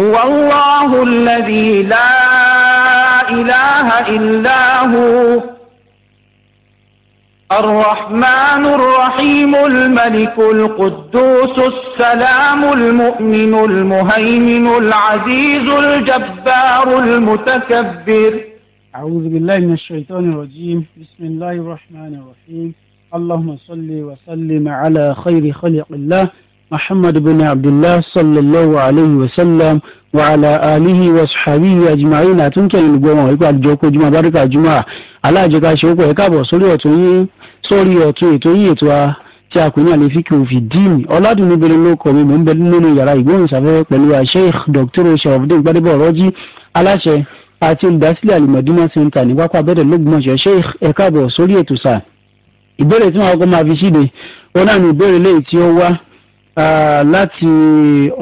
هو الله الذي لا إله إلا هو الرحمن الرحيم الملك القدوس السلام المؤمن المهيمن العزيز الجبار المتكبر أعوذ بالله من الشيطان الرجيم بسم الله الرحمن الرحيم اللهم صل وسلم على خير خلق الله محمد بن عبد الله صلى الله عليه وسلم وعلى آله وصحبه أجمعين أتنك إن قوما ويقع الجوكو جمع بارك جمع على جكا شوكو يكابو سوري أتوني سوري أتوني أتوني أتوا tí a kò ní àlefikì òfin díìnì ọ̀làdùnní bẹ̀rẹ̀ ló kọ̀ mi mò ń bẹ nínú yàrá ìgbóhùnsáfẹ́fẹ́ pẹ̀lú Sheikh Dr. sharafdin gbadebo ọ̀rọ̀jì aláṣẹ àti olùdásílẹ̀ alimọ̀dúnmá center ní pápá abẹ́rẹ́ lọ́gbọ̀nsẹ̀ Sheikh ẹ̀ka bọ̀ sórí ètò sáà ìbéèrè tí wọn kọ́ máa fi ṣíde wọn náà ní ìbéèrè lẹ́yìn tí ó wá láti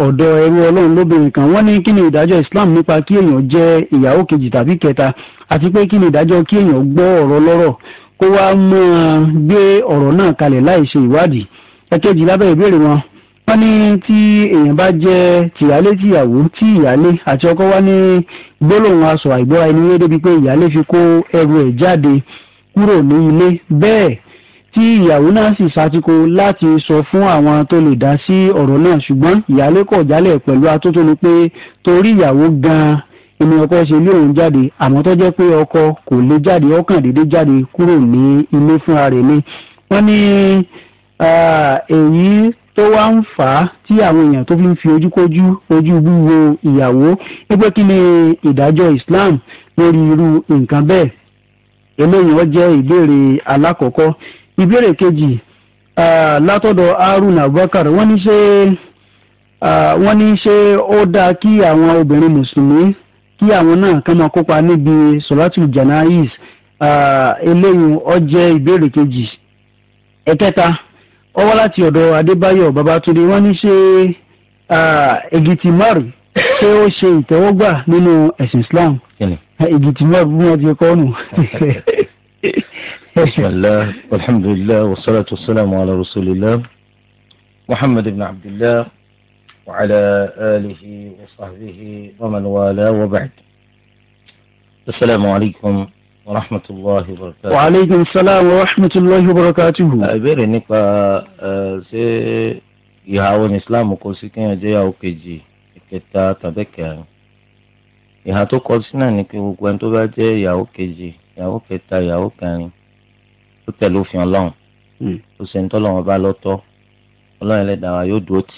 ọ̀dọ̀ ẹrú ọlọ́run lóbìnrin kan wọ́n ní kí ni ìdájọ́ islam nípa kí èèyàn jẹ́ ìyàwó kejì tàbí kẹta àti pé kí ni ìdájọ́ kí èèyàn gbọ́ ọ̀rọ̀ lọ́rọ̀ kó wá máa gbé ọ̀rọ̀ náà kalẹ̀ láì ṣe ìwádìí ẹ̀kejì lábẹ́ ìbéèrè wọn wọ́n ní tí èèyàn bá jẹ́ tìyálé tìyàwó tí ìyálé àti ọkọ wá ní gbólóhùn aṣọ àìgbọ́ra ẹni wé débi pé ìyálé fi kó ẹrù ẹ̀ jáde kúrò ní ilé bẹ́ẹ̀ tí ìyàwó náà sì ṣàtìkọ láti sọ fún àwọn tó lè dá sí ọ̀rọ̀ náà ṣùgbọ́n ìyáálé kọ̀ jálẹ̀ pẹ̀lú atótónu pé torí ìyàwó gan-an èmi ọkọ ṣe ilé òun jáde àmọ́ tó jẹ́ pé ọkọ kò lè jáde ọkàn déédéé jáde kúrò ní ilé fúnra rẹ̀ ni wọ́n ní èyí tó wá ń fà á tí àwọn èèyàn tó fi ń fi ojúkójú ojú wíwo ìyàwó wípé kí ni ìdájọ́ Islam lórí irú nǹkan bẹ́ẹ̀ eléyìí wọ́n jẹ́ ìbéèrè alákọ̀ọ́kọ́ ìbéèrè kejì látọ̀dọ̀ harun abubakar wọ́n ní ṣé wọ́n ní ṣé ó dáa kí àwọn obìnrin mùsùlùmí kí àwọn náà kàn máa kópa níbi solatul janais eléyìí ó jẹ́ ìbéèrè kejì ẹ̀kẹta ó láti ọ̀dọ̀ adébáyọ̀ babatunde wọ́n ní ṣé egiti mari ṣé ó ṣe ìtẹ́wọ́gbà nínú ẹ̀sìn islam egiti mari bí wọ́n ti kọ́ nù. بسم الله والحمد لله والصلاة والسلام على رسول الله محمد بن عبد الله وعلى آله وصحبه ومن والاه وبعد السلام عليكم ورحمة الله وبركاته وعليكم السلام ورحمة الله وبركاته ìbéèrè nípa ṣé ìhàwọ́ ní islam kò sí kéèyàn jẹ́ سي يهاون إسلام islam ko si أو je iyawo keji iketa tabi kerin نكي وكوانتو ko يهو naa ni pe gbogbo ẹni tó bá jẹ́ ó tẹ̀lé òfin ọlọ́run ó ṣe ń tọ́lọ̀ wọn bá lọ́tọ́ ọlọ́run ẹlẹ́dàá wa yóò dúró tì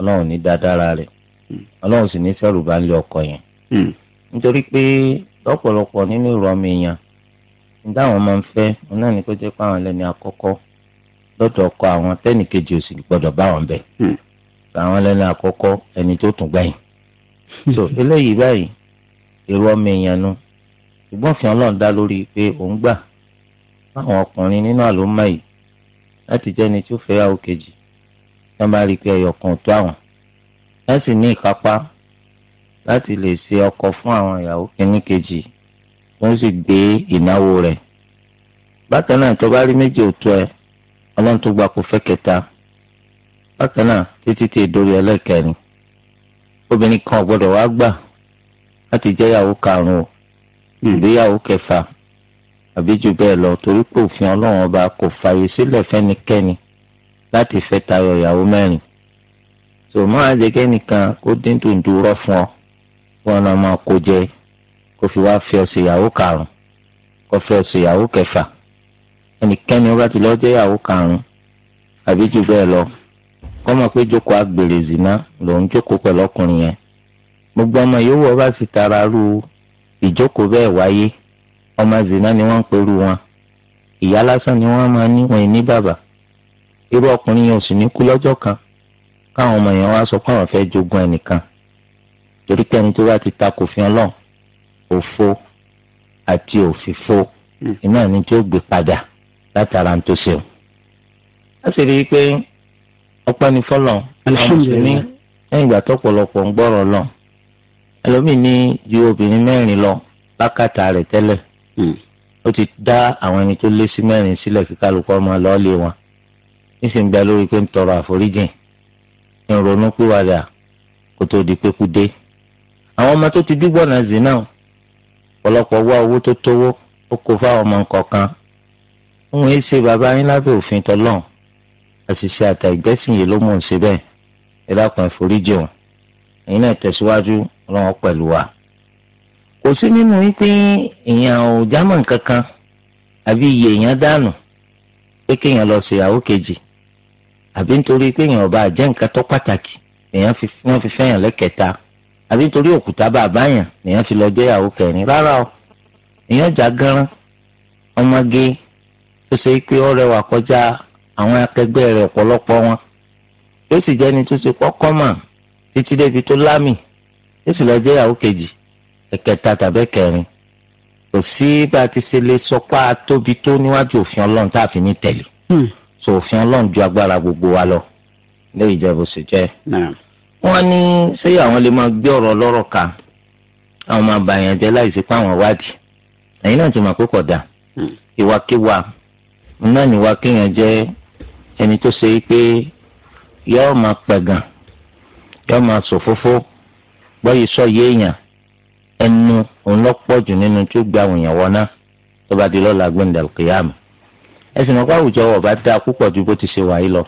ọlọ́run ní dáadáa rẹ̀ hmm. ọlọ́run sì ní fẹ́rù bá ń lé ọkọ yẹn hmm. nítorí pé lọ́pọ̀lọpọ̀ nínú ìrọ̀mì èèyàn nígbà àwọn máa ń fẹ́ wọn náà ní kó jẹ́ pé àwọn ẹlẹ́ni àkọ́kọ́ lọ́dọ̀ ọkọ àwọn tẹ́nìkejì ò sì gbọ́dọ̀ bá wọn bẹ̀ hmm. àwọn ẹlẹ́ni àkọ́kọ́ ẹni tó tún gbẹ̀yìn so eléyìí báyìí èrò ọmọ èèyàn nu ṣùgbọ́n fi hàn lọ́n dá lórí pé òun gbà fáwọn ọkùnrin nínú àlùmọ́ yìí láti jẹ́ ẹni tí ó fẹ́yàwó kejì wọ́n bá rí i pé ẹyọ̀kan tó àwọn wọ́n sì ní ìkápá láti lè ṣe ọkọ fún àwọn ìyàwó kìíní kejì wọ́n sì gbé ìnáwó rẹ̀ bákan náà tó bá rí méjì òtún ẹ ọlọ́run tó gbà kó fẹ́ kẹta bákan náà títí tí èdórí ẹlẹ́kẹrin obìnrin kan ò gbọ́dọ̀ wá gbà láti jẹ́ ìyàwó karùn-ún ìgbéyàwó kẹfà àbí jù bẹ́ẹ̀ lọ torí pé òfin ọlọ́run ọba kò fààyè sílẹ̀ fẹ́nikẹ́ni láti fẹ́ tayọ ìyàwó mẹ́rin tó máa jẹ kẹ́nìkan kó dín dùndú rọ́ fún ọ wọn náà máa kó jẹ kó fi wá fẹ́ ọ̀sẹ̀ ìyàwó karùn-ún kó fẹ́ ọ̀sẹ̀ ìyàwó kẹfà ẹnikẹ́ni ó bá ti lọ́ọ́ jẹ́ ìyàwó karùn-ún àbí jù bẹ́ẹ̀ lọ kọ́ mọ̀ pé jókòó àgbèrè zìnà lòún jókòó pẹ̀lú ọkùnrin yẹn gbogbo ọmọ yòówù ọba sì tara rú ìjókòó bẹ́ẹ̀ wáyé ọmọ zina ni wọ́n ń perú wọn ìyá lásán ni wọ́n máa ní wọn ní bàbá irú ọkùnrin yẹn ò sì ní kú lọ́jọ́ kan káwọn ọmọ yẹn wá sọ pé àwọn fẹ́ẹ́ jogún ẹnìkan torí pé ẹni tó bá ti ta kò fi Ọlọ́run òfo àti òfìfo hmm. iná ni tí ó gbé padà látara ń tó ṣeun. a sì rí i pé ọpẹ́ ni fọlọ́ àwọn mùsùlùmí lẹ́yìn ìgbà tọ́pọ̀lọpọ̀ ń gbọ́rọ̀ lọ ẹlòmíín ní ju obìnrin mẹ́rin lọ bákàtà rẹ̀ tẹ́lẹ̀ Hmm. ó ti dá àwọn ẹni tó lé sí mẹ́rin sílẹ̀ kí kálukú ọmọ lọ́ọ́lé wọn nísìnyí gba lórí pé ń tọrọ àforíjìn ń ronú pìwàdà kó tó di pé kú dé àwọn ọmọ tó ti dúgbọ̀nà zina ọ̀pọ̀lọpọ̀ wá owó tó tówó ó kó fáwọn ọmọ kọ̀ọ̀kan òun yìí ṣe bàbá yín lábẹ́ òfin tọ́lọ́n àṣìṣe àtà ìgbẹ́sìn yìí ló mọ̀ ń ṣe bẹ́ẹ̀ ẹ dákun ẹ̀foríjì ẹ̀yin náà tẹ̀síwájú ọlọ́run pẹ̀lú wa. kò sí nínú wípé èèyàn ò jámọ̀ nǹkan àbí iye èèyàn dànù pé kéèyàn lọ ṣèyàwó kejì àbí nítorí pé èèyàn ọba àjẹ́ nǹkan tó pàtàkì èèyàn fi wọ́n fi fẹ́yàn lẹ́kẹta àbí nítorí òkúta bàbá yàn èèyàn fi lọ jẹ́yàwó kẹrin rárá o èèyàn jà gánran ọmọge tó ṣe pé ó rẹwà kọjá àwọn akẹgbẹ́ rẹ̀ ọ̀pọ̀lọpọ̀ wọn yóò sì jẹ́ni tó ṣe kọ́kọ́ mà títí débi tó lámì yóò sì lọ jẹ́yàwó kejì ẹ̀kẹta tàbí kẹrin kò sí bá a ti ṣe lè sọpá tóbi tó níwájú òfin ọlọ́run tá a fi ní tẹ̀lé hmm. so òfin ọlọ́run ju agbára gbogbo wa lọ lè ìjẹ́bù sì jẹ́ wọ́n ní sẹ́yìn àwọn lè máa gbé ọ̀rọ̀ lọ́rọ̀ ka àwọn máa bà yẹn jẹ́ láìsí pé àwọn wádìí ẹ̀yin náà ti mọ̀ pé kò hmm. ìwàkiwà náà ni ìwà kéèyàn jẹ́ ẹni tó ṣe pé yọ́ọ́ máa pẹ̀gàn yọ́ọ́ máa sòfófó gbọ́ yìí sọ yéèyàn ẹnu òun lọ pọ̀ jù nínú tí ó gbé àwọn èèyàn wọ náà tó bá di lọ́la gbẹ̀ndàl kìyàmù ẹ sì mọ̀ pé àwùjọ ọba dáa púpọ̀ ju bó ti ṣe wà yìí lọ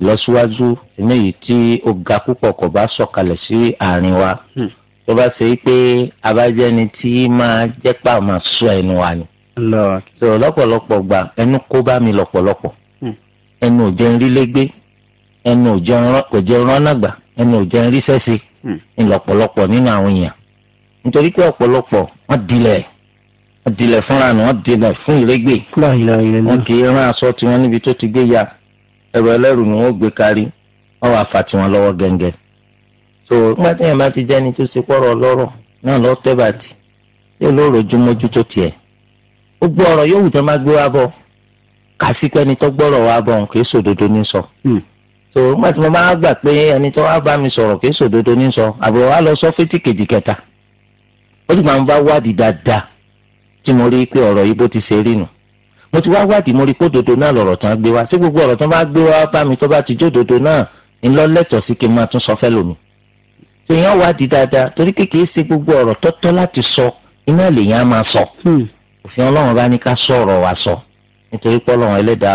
ìlọsíwájú eléyìí tí ó ga púpọ̀ kò bá sọ̀kalẹ̀ sí àárín wa hmm. tó bá ṣe pé abájẹ́ni tí máa jẹ́ pà máa sọ ẹnu wa ni so lọ́pọ̀lọpọ̀ gbà ẹnu kó bá mi lọ́pọ̀lọpọ̀ hmm. ẹnu ò jẹun rí ẹnu ò jẹun rán àgbà ẹnu ò jẹun rí sẹ́sẹ́ hmm. nínú àwọn èèyàn nítorí pé ọ̀pọ̀lọpọ̀ wọ́n dilẹ̀ wọ́n dilẹ̀ fúnra nù wọ́n dilẹ̀ fún ìrẹ́gbẹ̀ wọ́n kì í rán aṣọ tiwọn níbi tó ti gbé ya ẹ̀rọ ẹlẹ́rù ni wọ́n gbé kárí wọ́n wàá fà tiwọn lọ́wọ́ gẹ́ngẹ́ so nígbà tí yẹn bá ti jẹ́ni tó ṣe pọ̀rọ̀ ọlọ́rọ̀ náà lọ tẹ́ bàtì yóò lóòrò ju mójú tó tiẹ̀ gbogbo ọ̀rọ̀ yóò wù tó má gbé wá bọ̀ kàfi pé ẹni tó gbọ́rọ̀ wá bọ̀ kì sòdodo ní sọ hmm. so nígbà tí mo bá gbà pé ẹni tó wá bá mi sọ̀rọ̀ kì sòdodo ní sọ àbúrò wa lọ sọ fétí kejì kẹta ó dìgbà mo bá wádìí dáadáa tí mo rí pé ọ̀rọ̀ yìí bó ti ṣe rí nù mo ti wá wádìí mo rí kó dodo náà lọ̀rọ̀ tán gbé wá sí gbogbo ọ̀rọ̀ tán bá gbé wá bá mi tó bá ti jó dodo náà ńlọ́lẹ́tọ̀ sí kí n máa tún sọ fẹ́ lómi. èèyàn wádìí dáadáa torí pé kìí ṣe gbogbo ọ̀rọ̀ tọ́tọ́ láti sọ iná lèèyàn máa sọ. Hmm. òfin ọlọ́run bá ní ká sọ ọ̀rọ̀ wa sọ nítorí pé ẹlẹ́dàá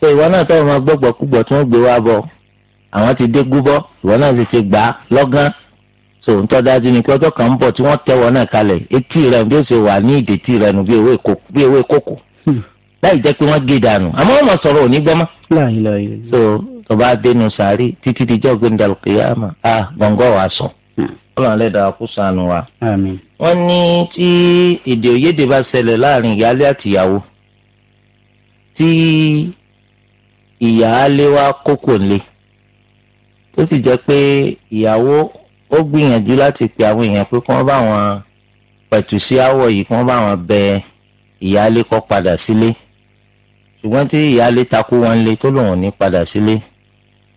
so ìwọ náà tọ́ ma gbọ́gbọ́ kúgbọ́ tí wọ́n gbé wá bọ̀ àwọn ti dé gúbọ́ ìwọ náà ti ṣe gbà á so ń tọ́ dájú ni pé ọjọ́ kan ń bọ̀ tí wọ́n tẹ́wọ́ náà kalẹ̀ etí rẹ̀ bí ó ṣe wà ní ìdètí rẹ̀ nù bí ewé kókò hmm. láì jẹ́ pé wọ́n gé dànù àmọ́ wọn sọ̀rọ̀ òní gbọ́mọ́. so tó bá dénú sàárì títí dijọ́ gbẹ̀ndàlù kìyàmà a gbọ̀ngàn hmm. wa sọ. ọlọ́run lẹ́dàá kó sànù wa. wọ́n ní tí èdè òyédè bá ṣẹlẹ̀ láàrin ìyáálé àtìyàwó tí ìyáálé wa kókò lé tó sì jẹ́ pé ìyàwó ó gbìyànjú láti pe àwọn èèyàn pé kí wọ́n bá wọn pẹ̀tù sí àwọ̀ yìí kí wọ́n bá wọn bẹ ìyáálé kó padà sílé ṣùgbọ́n tí ìyáálé takú wọn lé tó lòun ní padà sílé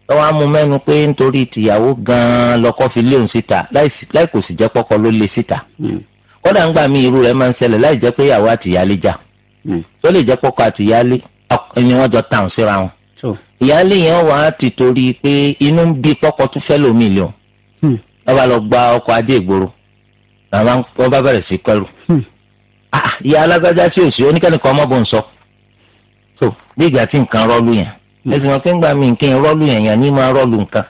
lọ́wọ́ á mú mẹ́nu pé nítorí tìyàwó gan-an fi léun síta láì kò sì jẹ́ pọ́kọ ló lé síta hmm. kódà ńgbà mí irú rẹ̀ máa ń ṣẹlẹ̀ láì jẹ́ pé ìyàwó àtìyáálé jà hmm. tó lè jẹ́ pọ́kọ àtìyáálé ni wọ́n jọ tàn síra wọn ìyáálé yẹn wà á ti torí pé inú ń bí pọ́kọ tún fẹ́ lómi lò hmm. wọ́n bá lọ gba ọkọ̀ adé ìgboro bàbá wọn bá bẹ̀rẹ̀ sí kọlù hmm. ah, ìyá alágbájá sí òsì oníkẹ́nìkan ọmọ bò ń sọ so bí ìgbà tí nǹkan rọ́ọ̀lù yẹn hmm. ẹsìn wọn pé ń gbà mí nǹkan rọ́ọ̀lù yẹn yẹn ní máa rọ́ọ̀lù nǹkan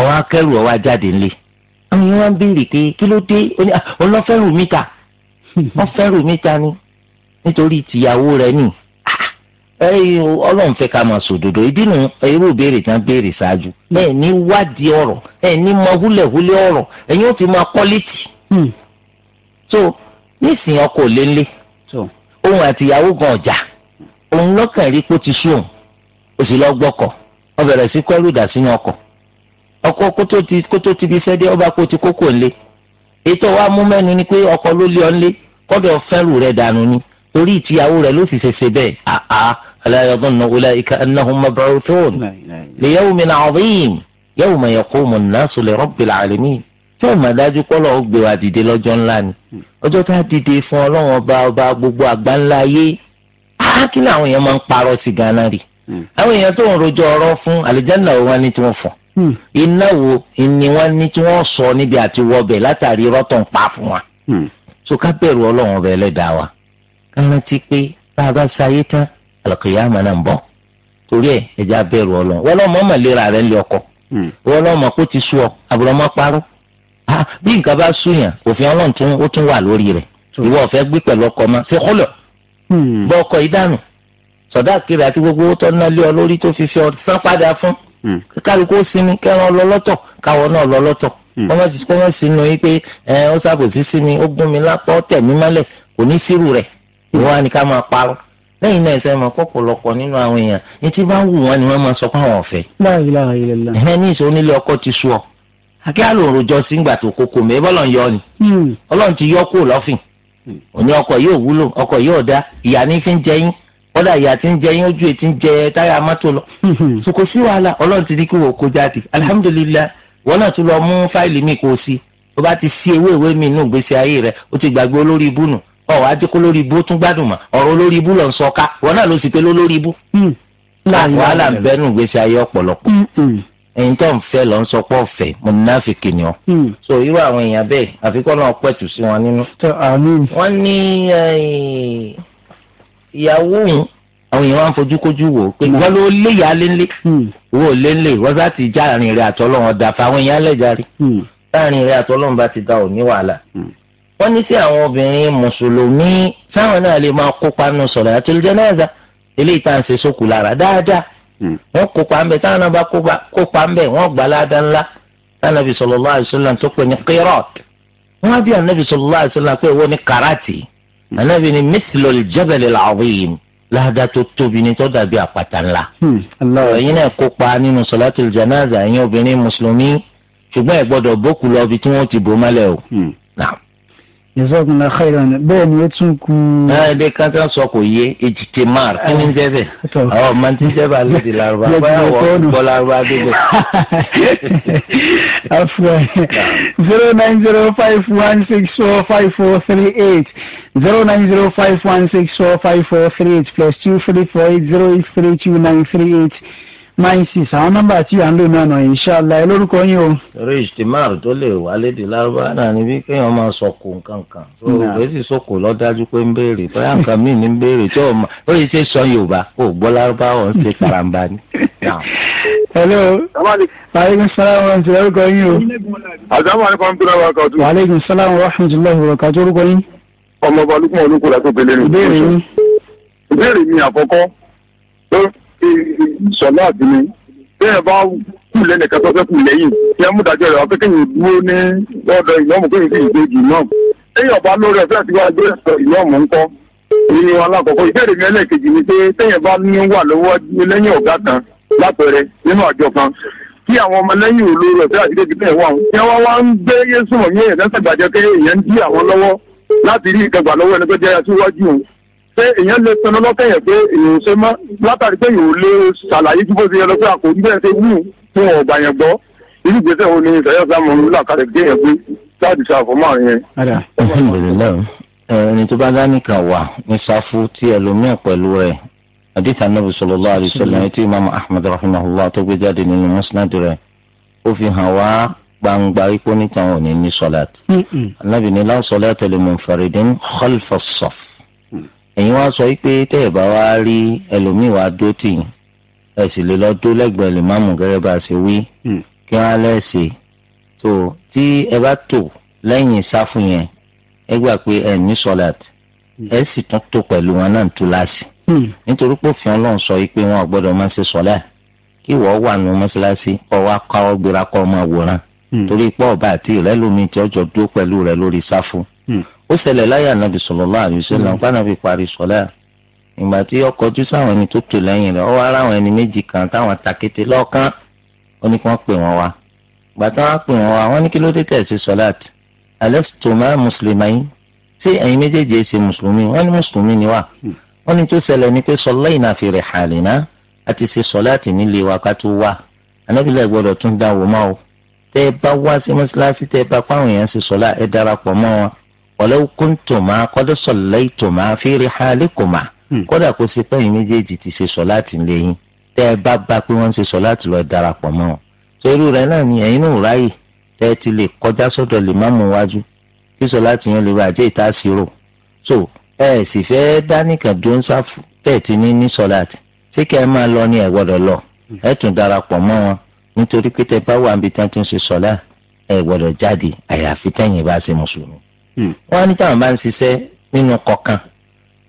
ọwọ́ akẹ́rù ọwọ́ ajáde ńlẹ̀ àwọn yẹn wọ́n ń béèrè pé kí ló dé ọlọ́fẹ́rù ah, mítà ọfẹ́rù mítà ni nítorí tìyàwó rẹ̀ nìyí ẹyìn ọlọ́run fẹ́ ká máa sòdodo ìdí nu irú ìbéèrè tán béèrè ṣáájú ẹ ní wádìí ọ̀rọ̀ ẹ ní mọ húlẹ̀húlẹ̀ ọ̀rọ̀ ẹ̀yin ó ti máa kọ́lẹ́tì. Hmm. so nísìnyí ọkọ ò lélẹ̀ òun àti ìyàwó gan ọjà òun lọ́kàn rí pé ó ti sú òun ó sì lọ gbọ́kọ̀ ó bẹ̀rẹ̀ sí kẹ́rù dà sínú ọkọ kótó ti bí sẹ́dé ọba kó ti kókò ńlé ètò wa mú mẹ́nu ni pé ọkọ ló lé ọ ńlé kọ́dọ̀ fẹ́rù rẹ̀ dànù ni torí ìtìyàwó rẹ̀ ló sì ṣe ṣe bẹ́ẹ̀ àá ألا يظن أولئك أنهم مبعوثون ليوم عظيم يوم يقوم الناس لرب العالمين tí ó mà dájú kọ́ lọ́wọ́ gbé wa dìde lọ́jọ́ ńlá ni ọjọ́ tá a dìde fún ọlọ́run ọba ọba gbogbo àgbáńlá ayé kí ni àwọn èèyàn máa ń parọ́ sí ganan rí àwọn èèyàn tó ń rojọ́ ọ̀rọ̀ fún àlìjáná wo wọ́n ní tí wọ́n fọ̀ iná wo ni wọ́n ní tí wọ́n sọ níbi àti wọbẹ̀ látàrí irọ́ ń pa fún wa so ká bẹ̀rù ọlọ́run ọba ẹlẹ́dàá wa ká rántí pé tá a bá ṣayé tán àlùkìyàmà náà ń bọ̀ torí ẹ ẹjẹ abẹ̀rù Ọlọ́run wọn lọmọ mọlera rẹ lé ọkọ hmm. wọn lọmọ kó ti sú ọ àbúrọmọ parọ bí nǹkan bá súyàn òfin Ọlọ́run tún ó tún wà lórí rẹ ìwọ ọfẹ gbé pẹ̀lú ọkọ ma fi kọlọ hmm. bọ ọkọ yìí dànù sọdá kiri àti gbogbo owó tó ná lé ọ lórí tó fi fi ọ san padà fún hmm. kálukú ó sinmi kẹran lọ lọ́tọ̀ náà lọ lọ́tọ̀ ti kọ́ wọn yìí pé ẹ ó sábòsí sí ó gún mi lápá ó tẹ̀ kò ní sírù rẹ̀ ìwọ wa máa parọ́ lẹ́yìn náà ẹsẹ máa kọpọlọpọ nínú àwọn èèyàn ní tí bá wù wọn ni wọn máa sọ fún àwọn ọfẹ. láàyè láàyè lẹ́la. ẹ̀hẹ́ ní ìṣe onílé ọkọ ti sú ọ. akẹ́ àlòrò jọ sí ìgbà tó kókó mi bọ́lọ̀ ń yọ ni. Hmm. ọlọ́run ti yọ kó lọ́fìn. Hmm. òní ọkọ̀ yóò wúlò ọkọ̀ yóò dá ìyá ní fi ń jẹ yín kódà ìyá ti ń jẹ yín ojú ètí ń jẹ táyà mọ́tò lọ. Hmm. sòkò sí wàhálà ọlọ́run ọ wá jẹ́ kó lórí ibú tún gbádùn mọ́ ọ̀rọ̀ lórí ibú lọ ń sọ ká wọn náà ló sì pé ló lórí ibú. Hmm. wàhálà ń bẹ nù gbèsè ayé ọ̀pọ̀lọpọ̀ hmm, hmm. ẹ̀yin tó ń fẹ́ lọ ń sọ pé ọ̀fẹ́ mo ní náà kìnìún ọ. so irú àwọn èèyàn bẹ́ẹ̀ àfikún náà pẹ̀tù sí wọn nínú. wọ́n ní eh, ìyàwó òun àwọn èèyàn wá ń fojúkojú wò ó pé ìwọ ló lé ìyá léńlé ìwọ ò léńlé ìwọ sá ti já àárín rẹ àtọ́lọ́wọ́n dàfà àwọn èèyàn lẹ́jàre láàrin rẹ àtọ́lọ́wọ́n bá ti da òní wàhálà wọ́n ní sí àwọn obìnrin mùsùlùmí sáwọn náà lè máa kópa nù solatul janaza eléyìí tá à ń ṣe sókù lára dáadáa hmm. wọ́n kópa ńbẹ táwọn náà bá kópa ńbẹ wọ́n gbà ládàá ńlá tánàbí sallallahu alaihi wasallam tó pè ní qirot wọ́n á bí ànábì sallallahu alaihi wasallam pé wọ́n ní karate hmm. ànábì ní mithlul jabalil azim ládàá tó tóbi ní tó dàbí àpáta ńlá. Hmm. ẹ̀yin náà kópa nínú solatul janaza ẹ̀yin obìnrin mùsùlùmí ṣùgbọ́n ẹ gbọ́dọ̀ bókù lọ ibi tí wọ́n ti bò mọ́lẹ̀ o ìsọkùnrin àkàìrọ̀ ni bẹ́ẹ̀ ni ó tún kú. ẹ bí kankan sọ kò yé ètìtì mar kí ni jẹ bẹ ọ máa ti jẹ bá lóde larubá báyà wọ bọ larubá débẹ. afuwa zero nine zero five one six four five four three eight zero nine zero five one six four five four three eight plus two three four eight zero eight three two nine three eight nine six àwọn nọ́mbà tí à ń lò náà nà ìṣàlá ẹ lórúkọ yín o. eré ìṣtìmáàrù tó lè wà lédè lárúbá náà ni kéèyàn máa sọkò nǹkan kan tó o sì sọkò lọ́dájú pé ń béèrè bóyá nǹkan míì ní ń béèrè tí o mọ̀ ó lè ṣe sọ yorùbá kó o gbọ́ lárúbá ọ̀ ń ṣe karambà ni. hello aleykum salaam wa rahmatulah orúkọ yín o. aleykum salaam wa rahmatulah orúkọ orúkọ yín. ọmọ ọba olúkúmọ̀ olúkúra tó pélé ni. ìbéèrè mi àkọ́kọ́ sọlá àti mi bẹ́ẹ̀ bá kù lẹ́nìkan tó fẹ́ kù lẹ́yìn tí ẹ mú dájọ́ rẹ̀ wá pé dúró ní lọ́dọ̀ ìmọ̀mù kéèyàn sì gbé jù náà ẹ̀yìn ọ̀bá lórí ẹ̀fẹ́ àti wájú ẹ̀sọ̀ ìmọ̀mù ńkọ́ ìní alákọ̀ọ́kọ́ ìbéèrè mi ẹlẹ́ẹ̀kejì ni pé téèyàn bá ní wà lọ́wọ́ lẹ́yìn ọ̀gá kan lápẹẹrẹ nínú àjọ kan kí àwọn ọmọ lẹ́yìn olóró ẹ̀fẹ́ àti débi bẹ́ẹ̀ wà wọn. ìyẹn wá wá ń gbé yéṣu wọ̀nyí èèyàn lẹ́sẹ̀ gbàjẹ́ pé èèyàn ń dí àwọn lọ́wọ́ láti rí ìkẹgbà lọ́wọ́ ẹni tó jẹ́ aṣíwájú òun pé èèyàn lè pinnu lọ́kàn yẹn pé èèyàn ò ṣe mọ́ látàrí pé èèyàn ò lè ṣàlàyé ju bó ṣe yẹ lọ pé àkórí bẹ́ẹ̀ ṣe wù fún ọ̀gbà yẹn gbọ́ irú ìgbésẹ̀ wo ni ìṣẹ̀yà sáàmù ńlá kalẹ̀ gbé yẹn pé láti ṣàfọ̀mọ́ àrùn yẹn. alhamdulilayi ẹni tó bá dánìkan wà ní sáfù tí ẹlòmíì pẹ̀lú rẹ̀ hadith anabi sallallahu alayhi ti imaamu ahmed rahimahullah tó gbé jáde nínú musnad rẹ̀ ó fi hàn wá gbangba ipò níta wọn ní ní sọlát anabi ní láwọn sọlát ẹlẹmọ nfaridin khalfa sọf ẹ̀yin wá sọ pé tẹ́ ẹ̀ bá wá rí ẹlòmíì wá dó tì yín ẹ sì lè lọ dó lẹ́gbẹ̀ẹ́ lè máàmù gẹ́gẹ́ bá a ṣe wí hmm. kí wọ́n á lẹ́sẹ̀ tó tí ẹ bá tò lẹ́yìn sáfù yẹn ẹ gbà pé ẹ ní sọlát hmm. ẹ sì tún tò pẹ̀lú wọn náà tú láàsì hmm. nítorí pé òfin ọlọ́run sọ pé wọn gbọ́dọ̀ máa ṣe sọlá kí wọ́n wà nù mọ́ṣáláṣí kọ́ wa káwọ́ gbéra kọ́ máa wòran torí pé àti ìrẹ́lómi tí ọjọ́ dó pẹ̀lú rẹ lórí sáfù ó ṣẹlẹ̀ láyé ànábì sallallahu alaihi wasallam hmm. pànàbì parí sọ̀lá ìgbà tí ó kọjú sáwọn ẹni tó tò lẹ́yìn rẹ̀ ó wá ráwọn ẹni méjì kan táwọn takété lọ́ọ̀kan ó ní kí wọ́n pè wọ́n wá ìgbà tí wọ́n pè wọ́n wá wọ́n ní kí ló dé tẹ̀sí sọ̀láàt alastuma muslimayn ṣé ẹ̀yin méjèèjì ẹ̀ ṣe mùsùlùmí wọ́n ní mùsùlùmí ni wá wọ́n hmm. ní tó ṣẹlẹ̀ ni pé sallayna fi rihalina àti ṣe sọ̀láàtì nílé wa ká tó wá anábìlẹ̀ gbọ́dọ̀ tún dáwọ́ máa o tẹ́ ẹ bá wá sí mọ́ṣáláṣí tẹ́ ẹ bá pàwọn èèyàn ṣe sọ̀lá ẹ darapọ̀ mọ́ wọn walau kuntuma qad sallaytuma fi rihalikuma kódà kó ṣe pẹ́yìn méjèèjì ti ṣe sọ láti lẹ́yìn tẹ́ ẹ bá bá pé wọ́n ń ṣe sọ láti lọ darapọ̀ mọ́ wọn. torí rẹ̀ náà ni ẹ̀yin náà ráyè tẹ́ ẹ ti lè kọjá sọ́dọ̀ lè má mú wájú kí sọ láti yẹn lè wá àjẹ́ ìta sí rò. so ẹ sì fẹ́ dánìkan dó ń sáfù tẹ́ ẹ ti ní ní sọ láti ṣé kẹ́ ẹ máa lọ ni ẹ lọ hmm. ẹ tún darapọ̀ mọ́ wọn nítorí pé tẹ́ bá wà níbi tí wọ́n ti ń ṣe sọ láti ẹ jáde àyàfi tẹ́yìn bá ṣe mùsùlùmí. Hmm. wọ́n á ní táwọn bá ń ṣiṣẹ́ nínú kọ̀ọ̀kan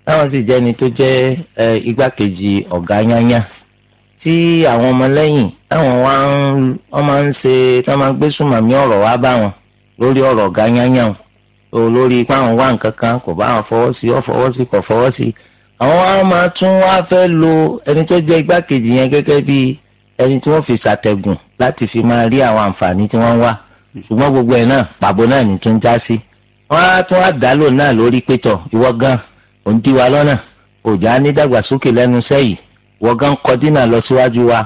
táwọn sì jẹ́ ẹni tó jẹ́ igbákejì ọ̀gá yányá tí àwọn ọmọlẹ́yìn táwọn wá ń wọ́n máa ń ṣe táwọn máa ń gbé sùmàmí ọ̀rọ̀ wá bá wọn lórí ọ̀rọ̀ ọ̀gá yányá wọn olórí ipá wọn wá nǹkan kan kò bá wọn fọwọ́ sí ọ fọwọ́ sí kò fọwọ́ sí àwọn wá máa tún wá fẹ́ lo ẹni tó jẹ́ igbákejì yẹn gẹ́gẹ́ bí ẹni tí wọ́n fi ṣàtẹ̀gùn láti fi máa rí àwọn àǹfààní tí wọ́n wá ṣùgbọ́n gbogbo ẹ̀ náà pàbó náà ní tún já sí wọ́n á tún àdálò náà lórí pétọ̀ ìwọ gan òun dí wa lọ́nà òjá ní dàgbàsókè lẹ́nu sẹ́yìn ìwọ gan kọdínà lọ síwájú wa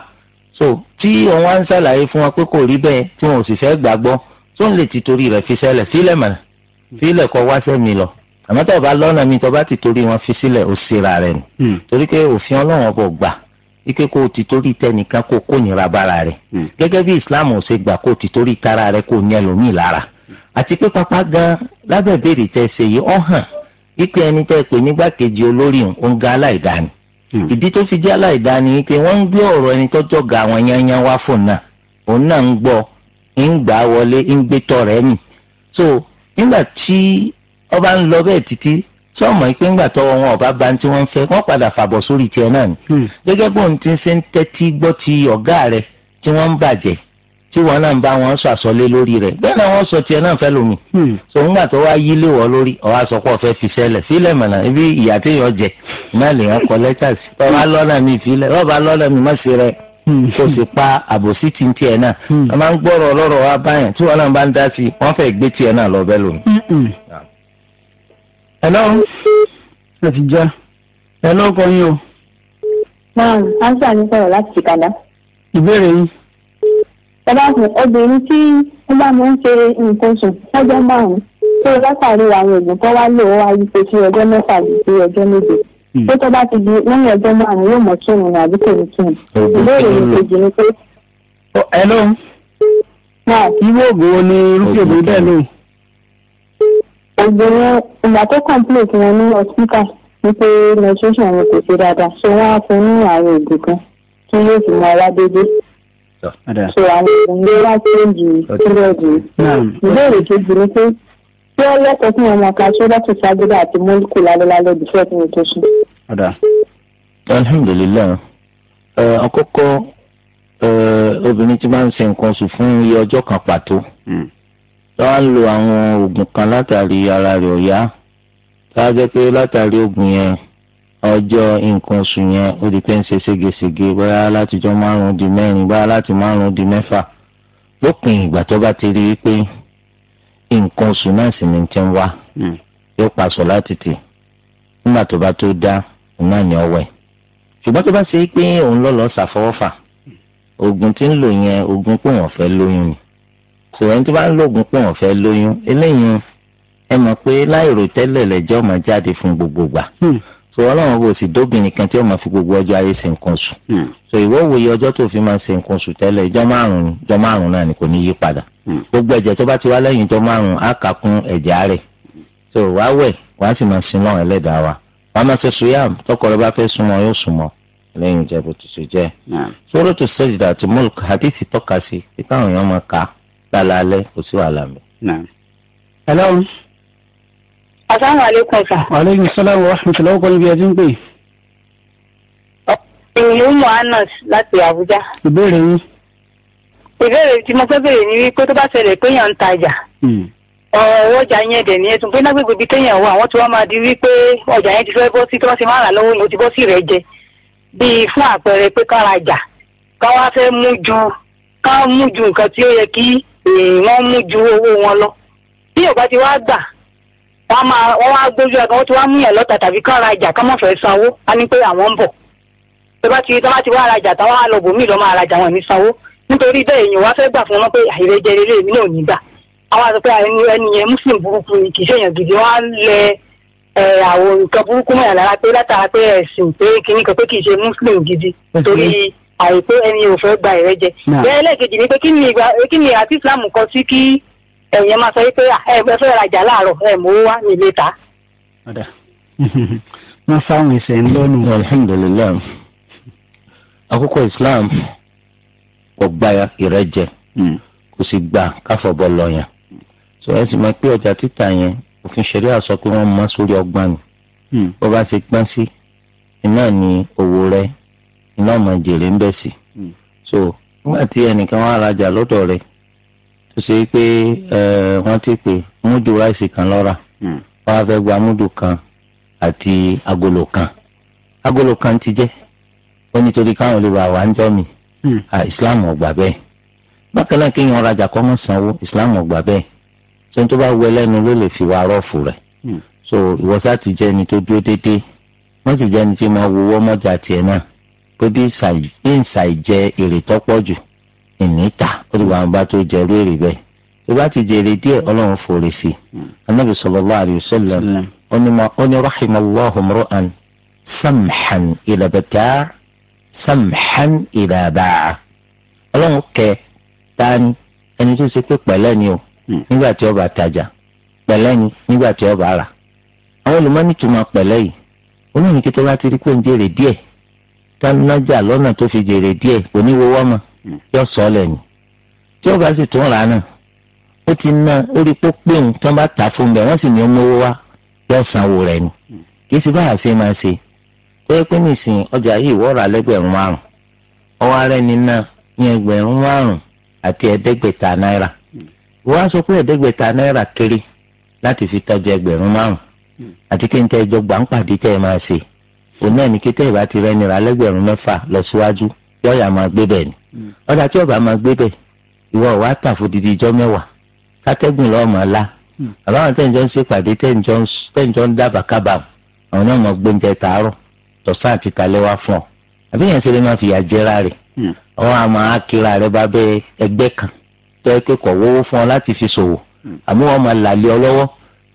so tí òun á ń ṣàlàyé fún wa pé kò rí bẹ́ẹ̀ tí wọn ò sì fẹ́ gbàgbọ́ tó ń lè ti torí rẹ̀ fi sẹ́lẹ̀ sílẹ̀ mọ̀ sílẹ̀ kọ́ wá sẹ́mi lọ àmọ́ tó bá lọ́nà mi tó bá ti torí wọn fi sílẹ̀ ó ṣera rẹ̀ nù hmm. torí pé òfin ọlọ́run ọbọ̀ gbà ike kó o ti torí tẹnìkan kó o kó nira bára rẹ̀ hmm. gẹ́gẹ́ bí Islam ò ṣe gbà kó ti torí tara rẹ̀ kó ní ẹlòmíì lára àti pé pápá gan lábẹ́ ìbéèrè tẹ́ ṣe yìí ọ hàn wípé ẹni tẹ́ pé kejì olórí òun ga aláìdáni hmm. ìdí tó fi jẹ́ aláìdáni pé wọ́n ń gbé ọ̀rọ̀ ẹni tọ́jọ́ ga àwọn yányán wá fún náà òun náà ń gbọ́ ń gbà wọlé ń rẹ̀ nì so nígbà tí ọba ń lọ bẹ́ẹ̀ títí tí ọmọ yìí pé ńgbà wọn tí wọ́n fẹ́ wọ́n padà fàbọ̀ sórí ti hmm. ṣe ń tẹ́tí tí wọn náà ń bá wọn sọ àsọlé lórí rẹ̀ bẹ́ẹ̀ náà wọn sọ tiẹ̀ náà fẹ́ lómi hmm. so ńgbà tó wá yí lé wọ lórí ọwọ àsọpọ fẹ́ fi sẹlẹ sílẹ̀ mọnà ibi ìyá téèyàn jẹ náà lèèyàn kọ lẹ́tà sí bàbá lọ́nà mi ìfilẹ bàbá lọ́nà mi má sí hmm. kó sì pa àbòsí ti tiẹ̀ náà wọn hmm. máa ń gbọ́rọ̀ ọlọ́rọ̀ wa báyẹn tí wọn náà bá ń dá sí wọn fẹ́ gbé tiẹ̀ náà lọ bẹ́ẹ̀ lómi. Ah. hello ẹ ti já hello kọyìn o. máa ń sáà ní sọ̀rọ̀ ẹ̀dáàkùn obìnrin tí wọ́n bá mọ̀ ń ṣe nǹkan oṣù lọ́jọ́ márùn-ún tó látàrí àwọn oògùn tó wá lò wá yípo sí ọjọ́ mẹ́fà àbí sí ọjọ́ méje tó hmm. tó bá ti di lẹ́yìn ọjọ́ márùn-ún yóò mọ̀ tún ìrìn àbí kò ní tún ìbéèrè mi kejì ni pé. hello irú oògùn wo ni irúfẹ́ obìnrin bẹ́ẹ̀ lò. obìnrin ìgbà tó complete wọn ní hospital wípé menstruation wọn kò ṣe dáadáa so wọ́n á fún ní àwọn oògùn kan kí yóò fi mọ ara déédéé. ìbéèrè kejì hmm. ni pé alhamdulilayi ọkọkọ obìnrin tí máa ń ṣe nǹkan fún iye ọjọ́ kan pàtó hmm. ń lo àwọn oògùn kan látàrí ara rẹ̀ ọ̀yá a jẹ́ pé látàrí oògùn yẹn ọjọ́ nǹkan oṣù yẹn ó di pé ń ṣe ségesège bóyá látijọ́ márùn-ún di mẹ́rin bóyá láti márùn-ún di mẹ́fà lópin ìgbà tó bá ti rí i pé nǹkan oṣù náà sì ni ti ń wá hmm. yóò paṣọ láti tì nígbà tó bá tó dá náà ni ọwẹ́ ṣùgbọ́n tó bá ṣe pé òun lọ lọ ṣàfọwọ́fà oògùn tí ń lò yẹn oògùn pé wọ́n fẹ́ lóyún ni sọ̀rọ̀ tó bá ń lòògùn pé wọ́n fẹ́ lóyún eléyìí ẹ mọ̀ pé láìrò tẹ́lẹ̀ lẹ́jọ́ máa jáde fún gbogbo gbà. Hmm. so ọlọ́run kò sì dóbìnrin kan tí ó máa fi gbogbo ọjọ́ ayé ṣe nǹkan hmm. so ìwọ iye ọjọ́ tó fi máa ṣe nǹkan sùn tẹ́lẹ̀ ìjọ márùn kò ní yí hmm. gbogbo ẹjẹ tó bá ti wá lẹ́yìn ìjọ márùn á kà kún so wàá wẹ wàá sì máa sin náà wa wàá máa tọkọ rẹ bá yóò bó ti ṣe sọ́rọ́ tó mọ́lùkù tọ́ka sí asalaamualeykum sa. waaleykum salaam wa rahmatulah ọkọ ibi ẹtí ń pè. ìlú mohannas láti Abuja. ìbéèrè yín. ìbéèrè tí mo fẹ́ béèrè ni wípé tó bá ṣẹlẹ̀ pé èèyàn ń tajà. Hmm. ọ̀rọ̀ ọjà yẹn dẹ̀ ní ẹ̀sùn pé lágbègbè ibi téèyàn wà wọ́n ti wá máa di wípé ọjà yẹn ti fẹ́ bọ́ sí tí wọ́n ti máa rà lọ́wọ́ ló ti bọ́ sí rẹ̀ jẹ. bíi fún àpẹẹrẹ pé ká rajà ká wá fẹ́ mú ju ká mú ju nǹkan tí ó yẹ kí wọ́n mú ju owó wọn lọ. bí ò bá ti wá gbà wọ́n máa wọ́n wá gbójú ẹ̀kan wọ́n ti wá mú yàn lọ́tà tàbí kán ra ìjà kán mọ̀ fẹ́ sanwó á ní pé àwọn ń bọ̀ tó bá ti tó bá ti wá ra ìjà táwọn á lọ bòmíì lọ́ máa ra ìjà wọn ní sanwó nítorí bẹ́ẹ̀ èèyàn wá fẹ́ gbà fún wọn pé àìrè jẹ eré mi náà ní gbà àwọn àti pé ẹni yẹn muslim burúkú ni kì í ṣèyàn gidi wọn á lẹ àwọn nǹkan burúkú mọ̀yàn lára pé látara pé ẹ̀sìn pé kìíní kan pé kì í ṣe muslim gidi torí àìpé ẹni ò fẹ́ gba ìrẹ́jẹ. bẹ́ẹ̀ lẹ́ẹ̀kejì ni pé kí ni àti islam kọ sí kí ẹ̀yẹ́ máa sọ yìí pé ẹgbẹ́ fẹ́ rajà láàárọ̀ ẹ̀ mú wá ní ilé ta. wọ́n fáwọn ẹsẹ̀ ń lọ́nu. alhamdulilayi àkókò islam kò gba ìrẹ́jẹ hmm. kò sì gba káfọ̀bọ lọ yẹn sọ ẹ sì máa pé ọjà títà yẹn òfin ṣẹlẹ̀ àṣọ pé wọ́n mọ sórí ọgbọ́n ni hmm. bó bá ṣe pín sí iná ni owó rẹ iná ọmọ jèrè ń bẹ̀ sí hmm. so nígbà tí ẹnìkan wà rajà lọ́dọ̀ rẹ̀ tó ṣe pé hmm. eh, wọ́n ti pè múdù ráìsì kan lọ́ra hmm. wọ́n á fẹ́ gba múdù kan àti agolo kan agolo kan ti jẹ́ ó nítorí káwọn lè wà wá ń jọ́ mi hmm. islam ò bẹ́ẹ̀ bákan náà kéèyàn rajà kọ́ mọ́ sanwó islam ò bẹ́ẹ̀ ṣé tó bá wẹ lẹ́nu ló lè fi wá rọ́ọ̀fù rẹ̀ so ìwọ́sá ti jẹ́ ẹni tó dúró déédéé wọ́n sì jẹ́ ẹni tí máa wọ́wọ́ mọ́jà tiẹ̀ náà kó dé ìsàìjẹ́ èrè tọ́pọ̀ jù ìníta ó ti wà wọn bá tó jẹrú èrè bẹ́ẹ̀ ìbá ti jèrè díẹ̀ Ọlọ́run fòrè sí anabi hmm. sallallahu alayhi wa sallam onímọ hmm. onírọhìmọ allahum rọhan samhan ìlàbẹtà samhan ìlàbà Ọlọ́run kẹ tani ẹni tó ṣe pé pẹ̀lẹ́ ni o hmm. nígbà tí ó bá tajà pẹ̀lẹ́ ni nígbà tí ó bá rà àwọn olùmọ́nìtùmọ̀ pẹ̀lẹ́ yìí olóyìn kí tó bá ti rí pé ń jèrè díẹ̀ tánájà lọ́nà tó fi jèrè díẹ̀ oníwowó ọmọ yóò sọ lẹ́yìn tí ọba sì tún rà náà ó ti ná orí pé ń tí wọ́n bá tà fún bẹ́ẹ̀ wọ́n sì ní ọmọ owó wá yóò sanwó rẹ̀ ni kì í sì báyà ṣe máa ṣe pé nìsín ọjà yìí wọ́ọ̀rà alẹ́gbẹ̀rún márùn ọwọ́ ara ẹni náà ní ẹgbẹ̀rún márùn àti ẹ̀ẹ́dẹ́gbẹ̀ta náírà wọ́n á sọ láti fi tọ́jú ẹgbẹ̀rún márùn àti kí n tẹ́ ẹjọ́ gbà ń pàdé tẹ́ ẹ máa ṣe òun náà ní kí tẹ́ lọ síwájú máa ọ̀dà tí ọba máa gbé bẹ̀ ìwọ ọ̀ wá tà fún didi ijọ́ mẹ́wàá kátẹ́gùn lọ́ọ́ máa la hmm. àbáwọn tẹ̀jọ́ ń ṣèpàdé tẹ̀jọ́ ń dábàá kábàá àwọn náà máa gbóúnjẹ tàárọ̀ tọ̀sán àti talẹ́ wá fún ọ àbí yẹn ṣe lè máa fìyà jẹra rẹ̀ hmm. ọwọ́ àmọ́ akira rẹ̀ bá bẹ ẹgbẹ́ kan tó ẹ kékọ̀ wọ́wọ́ fún ọ láti fi ṣòwò hmm. àmọ́ wọn máa làlẹ́ ọ lọ́wọ́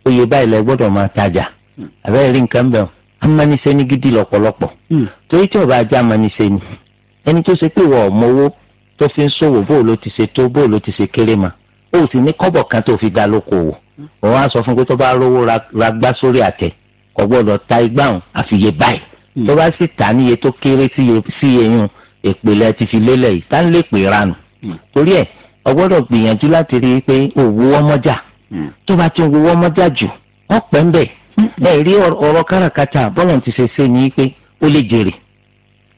oyè báyìí lẹ gbọ́dọ̀ máa tajà àbẹ́rẹ́ rí nǹkan bẹ́ẹ̀ amánisẹ́ ní gidi lọ́pọ̀lọpọ̀ torí tí ọba ajá amánisẹ́ ẹni tó ṣe pé ìwọ ọmọ owó tó fi ń ṣòwò bó ló ti ṣe tó bó ló ti ṣe kéré mà ó sì ní kọ́bọ̀ kan tó fi dá lókòwò òun á sọ fún pé tó bá rówó ra gbá sórí àtẹ kò gbọ́dọ̀ ta igbá hàn àfiyè báyìí hmm. tó bá sì tà níye tó kéré sí eyín ìpìlẹ̀ ti fi lélẹ̀ yìí tá pè ranù hmm. torí ẹ̀ o gbìyànjú láti rí i pé òwò ọmọjà hmm. tó bá ti wo ọmọjà jù ọ̀pẹ̀ ń bẹ̀ ẹ̀ rí ọ̀rọ̀ káràkátà bọ́lọ̀ ti ṣe ṣe ní pé ó lè jèrè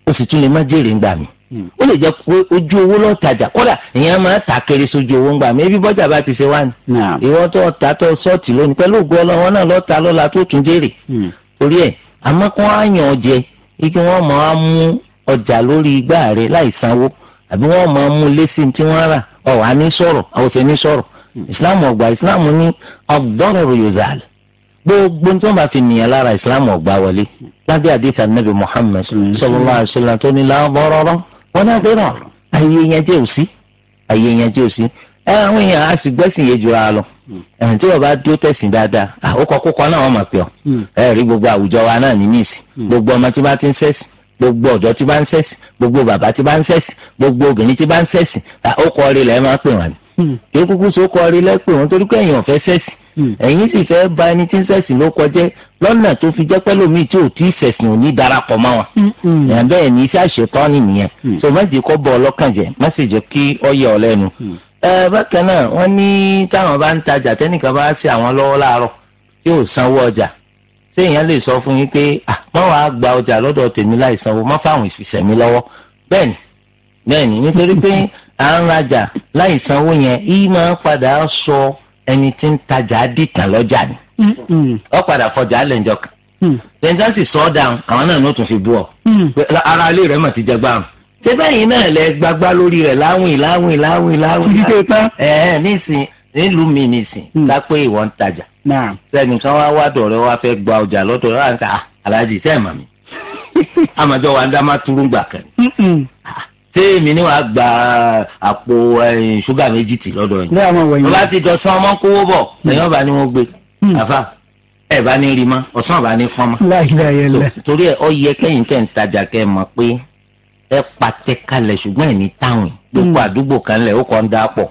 o sì tún lè má jèrè ńgbà mi hmm. ó lè jẹ́ pé ojú owó ló tajà kódà èèyàn máa ta kiri sójú owó ńgbà mi ebi bọ́jà bá ti ṣe wá ni ìwọ́n tó ta tó sọ́ọ̀tì lónìí pẹ̀lú ògùn ọlọ́wọ́ náà lọ́ọ́ ta lọ́la tó tún jèrè hmm. orí ẹ̀ àmọ́ kí wọ́n á yàn ọ́ jẹ ike wọ́n máa mú ọjà lórí igbá rẹ láì sanwó àbí wọ́n máa mú lẹ́sìn tí wọ́n rà ọ̀wá ní sọ̀rọ̀ àwòṣe ní sọ̀rọ̀ ìsìláàmù hmm. ọ̀gbà ìsìláàmù ní ọ̀gbọ́rọ̀ yòzàl gbogbo tí wọ́n bá fi nìyẹn lára ìsìláàmù ọ̀gbà wọlé lábẹ́ àdìsá nàbì Muhammad sallallahu alaihi wasallam tó ní láàbọ̀rọ̀rọ̀ wọn náà dé náà ayé yẹn jẹ́ òsí ayé yẹn jẹ́ òsí ẹ àwọn èèyàn á sì gbẹ́sìn yẹn jura lọ ẹ̀hìn tí wọ́n bá dúró tẹ̀sìn dáadáa àkókò kókó náà wọ́n máa pè ọ́ ẹ rí gbogbo àwùjọ wa náà ní níìsì gbogbo ọmọ tí bá ti ń sẹ́sì gbogbo ọ̀dọ́ tí bá ń sẹ́sì gbogbo bàbá tí bá ń sẹ́sì gbogbo obìnrin tí bá ń sẹ́sì ó rí lẹ́ẹ̀ máa pè wọ́n ni hmm. kí kúkú so rí lẹ́ẹ̀ pè wọ́n torí pé èèyàn ò sẹ́sì Hmm. ẹ̀yin sì fẹ́ ba ẹni tí ń ṣẹ̀sìn ló kọjẹ́ lọ́nà tó fi jẹ́ pẹ́lú mi tí ò tí ì ṣẹ̀sìn ò ní darapọ̀ mọ́ wa hmm. hmm. bẹ́ẹ̀ ni iṣẹ́ àṣetọ́ nìyẹn so má jẹ́ kó bọ́ ọlọ́kàn jẹ́ má sì jẹ́ kí ọ yẹ ọ lẹ́nu. bákan náà wọ́n ní táwọn bá ń tajà tẹ́nìkan bá ṣe àwọn lọ́wọ́ láàárọ̀ tí ò sanwó ọjà ṣé èèyàn lè sọ fún yín pé má wàá gba ọjà lọ́dọ̀ tèmi láì sanwó má fáwọn ìṣiṣẹ́ mi lọ́wọ́ bẹ́ẹ̀ni bẹ́ẹ̀ni nítorí pé à ń rajà láì sanwó yẹn yìí padà sọ ẹni tí ń tajà dìtàn lọ́jà ni ọ mm, mm. padà fọjà lẹ́njọ́ kan mm. lẹ́njọ́ sì sọ ọ́ dáhùn àwọn náà ó tún fi rẹ̀ mà ti jẹ gbàrún ṣé báyìí náà lẹ gbagbá lórí rẹ̀ láwìn láwìn láwìn láwìn tán ẹ nísìn nílùú mi nísìn lápé ìwọ ń tajà wá wá fẹ́ gba ọjà ṣé èmi ni wàá gba àpò eh, ṣúgà méjì tì lọ́dọ̀ yìí. ní àwọn wọ̀nyí. ọba ti dọ̀sán ọmọ kówó bọ̀ lẹ́yìn hmm. ọba ni wọ́n gbé. Hmm. àfa ẹ bá ní rí ma ọ̀sán ọba ní fọ́n ma. torí ẹ ọ yẹ kẹ́yìn kẹ́ ń tajà kẹ́ ẹ mọ̀ pé ẹ pàtẹ kalẹ̀ ṣùgbọ́n ẹ̀ ní táwọn hmm. gbogbo àdúgbò kan lẹ̀ ó kàn dá pọ̀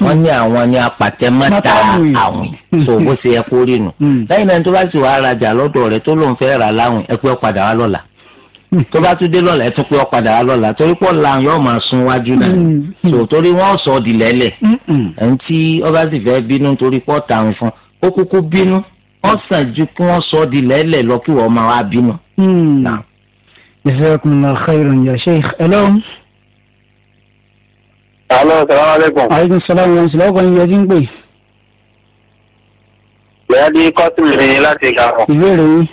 wọ́n ní àwọn ní apàtẹ mọ́ta àwìn tó bó ṣe ẹ kórè nù. lẹ́yìn náà tó bá sì wàá rajà lọ́dọ̀ rẹ̀ tó lóun fẹ́ tó bá tún dé lọ́la ẹ̀ tún pé ọ padà wá lọ́la torí pọ̀ la yóò máa sun wájú náà so torí wọ́n sọ ọ́ di lẹ́lẹ̀ ẹni tí ọba sì fẹ́ bínú torí pọ̀ tàwọn fún ó kúkú bínú ó sàn ju kí wọ́n sọ ọ́ di lẹ́lẹ̀ lọ kí wọ́n máa wá bínú. Mm. jazakumullahu khairan ya sheikh hello. alo salaam aleykum. aleykum salaam wa rahmatulah ọkọ yín yẹn ti ń pè. lẹ́yìn kọ́sìmì láti ìgbà kan. ìbéèrè yín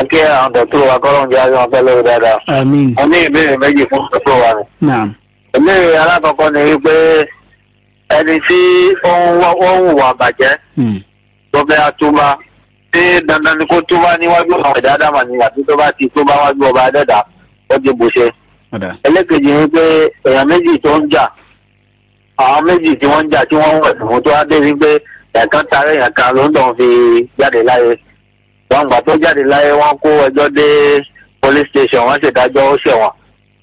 akẹ́ àwọn dọ̀tún wa kọ́lọ́n jẹ́ àwọn fẹ́ lórí dáadáa. àmín. mo ní ìbéèrè méjì fún dọ̀tún wa ni. naam. ìbéèrè alákọ̀ọ́kọ́ ni wípé ẹni tí ó ń hùwà bàjẹ́ hmm. tó fẹ́ àtúbà ṣé dandan ni kó túbà níwájú àwọn ẹ̀dá dàmà ni àti tó bá ti tó bá wájú ọba adẹ́dà ó ti bù ṣe. ẹlẹ́kejì ni pé èèyàn méjì tó ń jà àwọn méjì tí wọ́n ń jà tí wọ́n ń wẹ̀ fún tó wá dé wípé ẹ̀ẹ̀kan tarẹ̀ ẹ̀ẹ̀kan ló ń dàn fi jáde láyé wọn gbà tó jáde láyé wọn kó ẹjọ́ dé police station wọn ṣèdájọ́ ó ṣẹ̀wọ̀n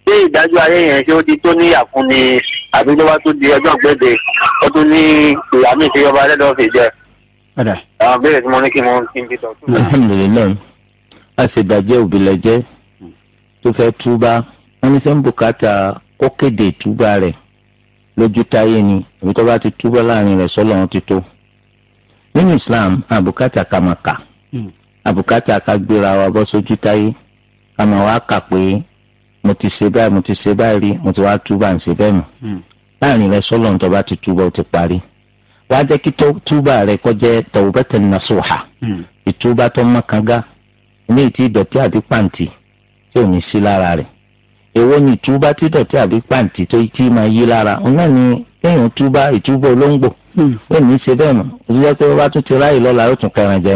ṣé ìdájọ́ ayé yẹn ṣé ó ti tó níyà fún ni àbí ló bá tún di ọjọ́ gbèdé ó tún ní ìyá mi ṣe ọba ẹlẹ́dọ̀ fi jẹ. àwọn béèrè tí mo ní kí mo kí n bí sọ. alhamdulilayi a ṣe ìdájẹ́ òbílẹ̀jẹ́ tó fẹ́ túbá wọn ní sẹ́ńbù kàtà kó kéde ìtúbà rẹ̀ lójú táyé ni èmi tó bá ti túbọ̀ láàrin rẹ̀ sọ́lọ́run ti tó nínú Islam àbùkátà kàmàkà. Hmm àbùkátà ká gbéra wa bọ́ sójú táyé ká máa wá kà pé mo ti ṣe báyìí mo ti ṣe báyìí rí mo ti wá túbà ń ṣe bẹ́ẹ̀ mọ́ hmm. láàrin rẹ sọ́lọ̀ ń tọ́ba ti túbọ̀ ti parí wá jẹ́ kí túbà rẹ kó jẹ́ tawbatan nasuha hmm. ìtúbà tó mọ́kànga ní ìtì ìdọ̀tí àbí pàǹtì tí ò ní sí lára rẹ̀ èwo ni ìtúbà tí dọ̀tí àbí pàǹtí tó tí máa yí lára ọ̀nà ni kéèyàn túbà ìtúbà olóńgbò hmm. ó ní í ṣe bẹ́ẹ̀ mọ́ ó jẹ́ pé wọ́n bá tún ti ráàyè lọ́la ó tún kẹran jẹ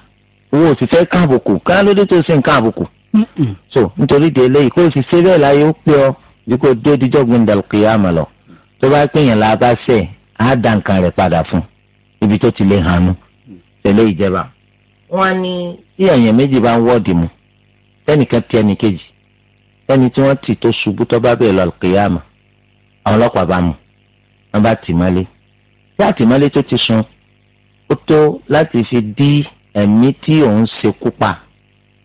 wo ò sì fẹ́ kán àbùkù ká ló dé tó sì ń kán àbùkù. so nítorí de eléyìí kó o sì ṣe bẹ́ẹ̀ láyé ó pé ọ bí kò dé díjọ́ gbẹ̀ndàlùkìyàmọ̀ lọ tó bá pè yàn lába ṣe á dá nǹkan rẹ̀ padà fún ibi tó ti lè hànú tẹ̀lé ìjẹba. wọ́n ní tí èèyàn méjì bá ń wọ́ọ̀dì mu tẹ́nìkan ti ẹnì kejì ẹni tí wọ́n ti tó ṣubú tó bá bẹ̀rẹ̀ lọ́ọ̀kìyàmọ̀ àwọn ọlọ́pàá bá mu wọ́n bá tì mọ́lé tí àtìmọ́lé tó ti sun ó tó láti fi dí ẹ̀mí tí òun ṣekú pa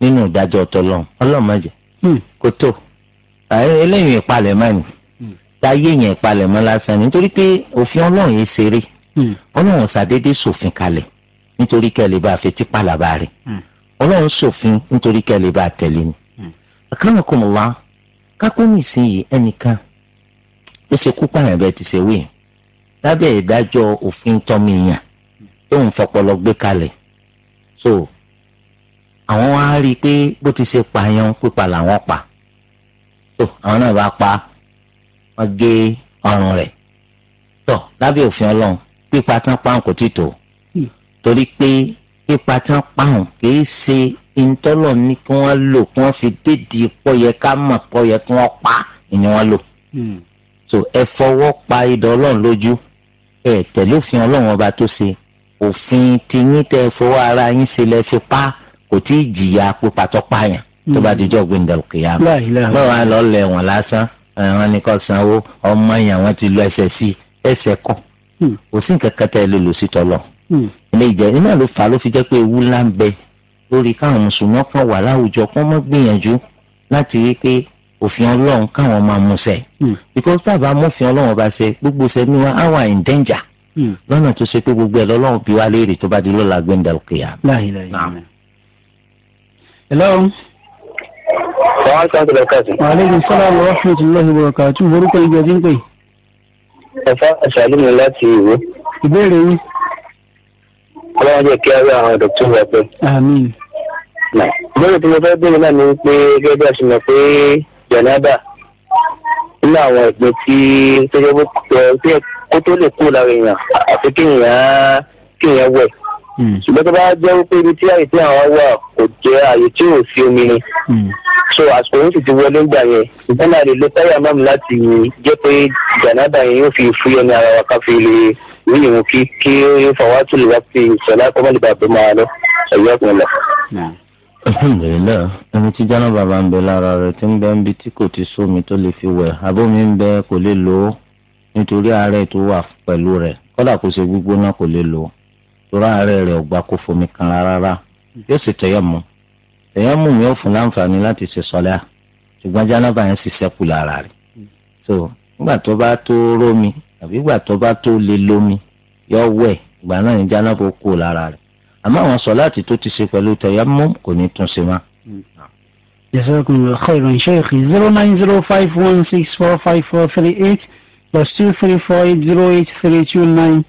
nínú ìdájọ́ ọ̀tọ̀lọ́n ọlọ́mọdé hmm. kò tó eléyìí ìpalẹ̀ mọ́ ni hmm. táyé yẹn ìpalẹ̀ mọ́ lásán nítorí pé òfin ọlọ́run yìí ṣeré hmm. ọlọ́run ṣàdédé ṣòfin kalẹ̀ nítorí kẹ́lẹ́ bá fetí pàlàbà rẹ̀ ọlọ́run ṣòfin nítorí kẹ́lẹ́ bá tẹ̀lé ni. àkànnàkùnmọ̀wá kákóní ìsinyìí ẹnìkan ó ṣekú pààyàn bẹ́ẹ̀ ti ṣe wéyìn lábẹ́ ìdájọ́ òfin tọ́mìyàn tó fọpọlọ gbé kalẹ̀ so àwọn wá rí i pé bó ti ṣe pààyàn pípa làwọn pa so àwọn náà bá pa wọ́n gé ọrùn rẹ̀ tọ̀ lábẹ́ òfin ọlọ́run pípa tán pa kò tí tó hmm. torí pé pípa tán pa kìí ṣe ìtọ́lọ̀ ní kí wọ́n lò kí wọ́n fi dédì pọ́yẹ ká mọ̀ pọ́yẹ kí wọ́n pa ni wọ́n lò. Hmm. so ẹ fọwọ́ pa idọ̀ ọlọ́run lójú ẹ tẹ̀lé òfin ọlọ́run ọba tó ṣe òfin tiyín tẹ fọwọ́ ara yín ṣe lẹ fi pa kò tí ì jìyà pípatọ́ pààyàn tó bá dijọ́ gbẹ̀ndẹ̀ kìyà báwo á lọ lẹ̀ wọ́n lásán àwọn nìkan sanwó ọmọ yẹn àwọn ti lọ ẹsẹ̀ sí ẹsẹ̀ kọ̀ hmm. kò sí nǹkan kẹta ẹ lè lò sí tọ́lọ̀ hmm. ilé ìjẹ́ iná ló fà ló fi jẹ́ pé ewu ńlá ń bẹ lórí káwọn mùsùlùmí kan wà láwùjọ kó mọ́ gbìyànjú láti rí pé òfin ọlọ́run káwọn máa mú ṣẹ hmm. because tá a bá mọ́fin ọlọ́run ọba ṣẹ gbogbo ṣẹ ni wọn á wà in danger. Hmm. lọ́nà tó ṣe pé gbogbo ẹ̀ lọ́lọ́run bí wá léèrè tó bá di lọ́la gbẹ̀ndà òkè yá. hello. wàhálà sàlámù rahmatulahi wabarakatu orúkọ ìgbà tí ń pè. ẹ̀fọ́ àṣàlù mi láti ìwé. ìbéèrè yín. ọlọ́run jẹ́ kí á rí àwọn dókítà rẹ̀ pẹ́. àmín. ìbéèrè tí mo fẹ́ bẹ̀rẹ̀ náà ni pé gẹ́gẹ́ bí a ṣe mọ̀ pé jẹ̀nàbà nínú àwọn ìpín tí tó yẹ kó tó lè kó lára èèyàn àfi kéèyàn kéèyàn wẹ̀ hmm. ṣùgbọ́n tó bá jẹ́ wípé ibi tí àyè tí àwọn wà kò jẹ́ àyè tí ò sí omi ni hmm. so àsìkò yìí sì ti wọlé gbà yẹn ìgbọ́n náà lè lo táyà mọ́mù láti jẹ́ pé jàǹdà yẹn yóò fi fúyẹ́ ní ara wa ká fi lè rí ìrùn kí kí ó fọwọ́ tó lè wá sí ìṣẹ̀lá kọ́mọ́lì bàbá máa lọ ẹ̀yọ́ ọ̀gbìn lọ. alhamdulilayi ẹni tí jáná bàbá ń bẹ lára rẹ ti ń bẹ ń bi tí kò ti sómi tó lè fi wẹ̀ abómi ń bẹ kò lè lò ó nítorí àárẹ̀ tó wà pẹ̀lú rẹ̀ kódà kó ṣe gbígbóná kò lè lò torí àárẹ̀ rẹ̀ ò gbà kó fomi kan rárá yóò sì tẹ̀yẹ̀mú tẹ̀yẹ̀mú mi ò fún láǹfààní láti ṣe sọ́lá ṣùgbọ́n jánábà yẹn sì ṣẹ́kù lára rẹ̀ so nígbà tó bá tó rómi àbí ìgbà tó bá tó lè lómi yọ wẹ̀ ìgbà náà ní jánábà ó kú lára rẹ̀ àmọ́ àwọn sọ láti tó ti ṣe pẹ̀lú tẹ̀yẹ̀mú kò ní tún ṣe má. jazakumullahu khairan sheikh zero nine zero five one six four five four three eight plus two three four eight zero eight three two nine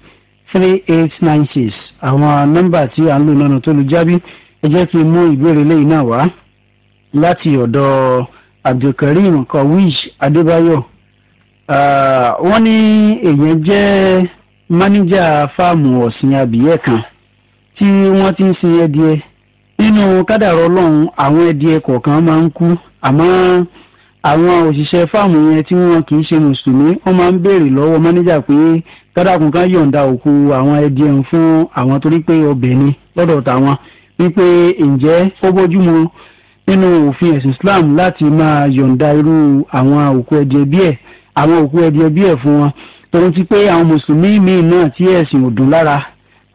three eight nine six àwọn nọ́mbà tí à ń lò náà tó lu jábí ẹ jẹ́ kí n mú ìbéèrè lẹ́yìn náà wá láti ọ̀dọ̀ abdulkareem kawish adébáyọ̀ ah, wọ́n ní èèyàn jẹ́ máníjà fáàmù ọ̀sìn abìyẹ́ kan tí wọ́n ti ń sin ẹdìẹ nínú kádàrọ̀ ọlọ́run àwọn ẹdìẹ kọ̀ọ̀kan máa ń kú àmọ́ àwọn òṣìṣẹ́ fáàmù yẹn tí wọ́n kì í ṣe mùsùlùmí wọ́n máa ń béèrè lọ́wọ́ mánéjà pé kádàkùn kan yọ̀ǹda òkú àwọn ẹdí ẹ̀hún fún àwọn torí pé ọbẹ̀ ni lọ́dọ̀ tàwọn wípé ǹjẹ́ ó bójúmu nínú òfin ẹ̀sìn Islam láti máa yọ̀ǹda irú àwọn òkú ẹdí ẹbí ẹ̀ àwọn òkú ẹdí ẹbí ẹ̀ fún wọn torí ti pé àwọn mùsùlùmí míì náà tí ẹ̀sìn ò dùn lára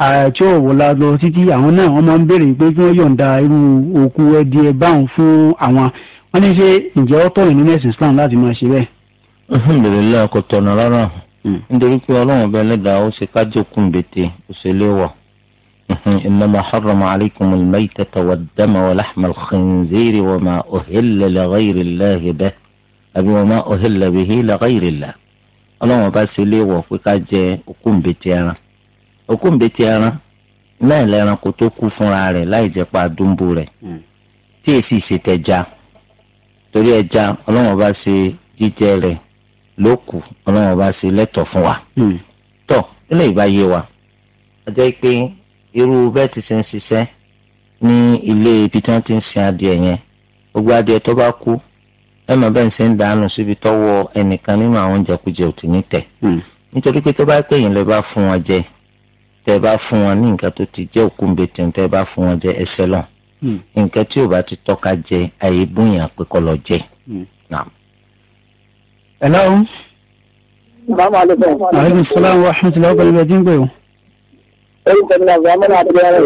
àjọ òwòlá lọ títí àwọn náà wọ́n máa ń béèrè pé kí wọ́n yọ̀ǹda irú òkú ẹdí ẹ báwọn fún àwọn wọ́n ní ṣe ǹjẹ́ ó tọ̀yìn nínú ẹ̀sìn Islam láti máa ṣe bẹ́ẹ̀. alhamdulilayi kò tọ̀nà rárá hmm. nítorí pé ọlọ́run ọba ẹlẹ́dàá ó ṣe kájọkùn bètè òṣèlè wọ̀ hmm, innama harrama alaykum al-maytata wad-dama wa lahma al-khinziri wa ma uhilla li ghayri Allahi bihi àbí wa ma uhilla bihi li ghayri Allah ọlọ́run ọba ṣe lé wọ̀ pé ká jẹ òkùn bètè ẹran òkùn bètè ẹran náà lẹ́ran kó tó kú fúnra rẹ̀ láì jẹ́ pa àdúgbò rẹ̀ hmm. tí èsì ṣètẹ̀já torí ẹja ọlọ́wọ́n bá ṣe jíjẹ rẹ̀ lókù ọlọ́wọ́n bá ṣe lẹ́tọ̀ fún wa. Hmm. tọ́ ilé ìbá yé wa ọjọ́ pé irú bẹ́ẹ̀ ti ṣe ń ṣiṣẹ́ ní ilé ibi tí wọ́n ti ń sin adìẹ yẹn gbogbo adìẹ tó bá kú ẹ mọ̀ bẹ́ẹ̀ ń ṣe ń dànù síbi tọ́wọ́ ẹnìkan nínú àwọn jẹkújẹ òtí ní tẹ̀. Hmm. nítorí pé tó bá pè yín lẹ bá fún wọn jẹ tẹ bá fún wọn ní nǹkan tó ti jẹ́ òkú ń bẹ tẹ̀ tẹ bá fún wọn jẹ ẹsẹ̀ lọ́n Hmm. nǹkan tí o bá ti tọ́ka jẹ àyè bóyá pé kọ́ lọ jẹ. Hmm. hello. salaamaleykum. aleykum salaam wa rahmatulah wa barakatuh dín pé o. orúkọ mi náà bí amúnà àdúgbò rẹ.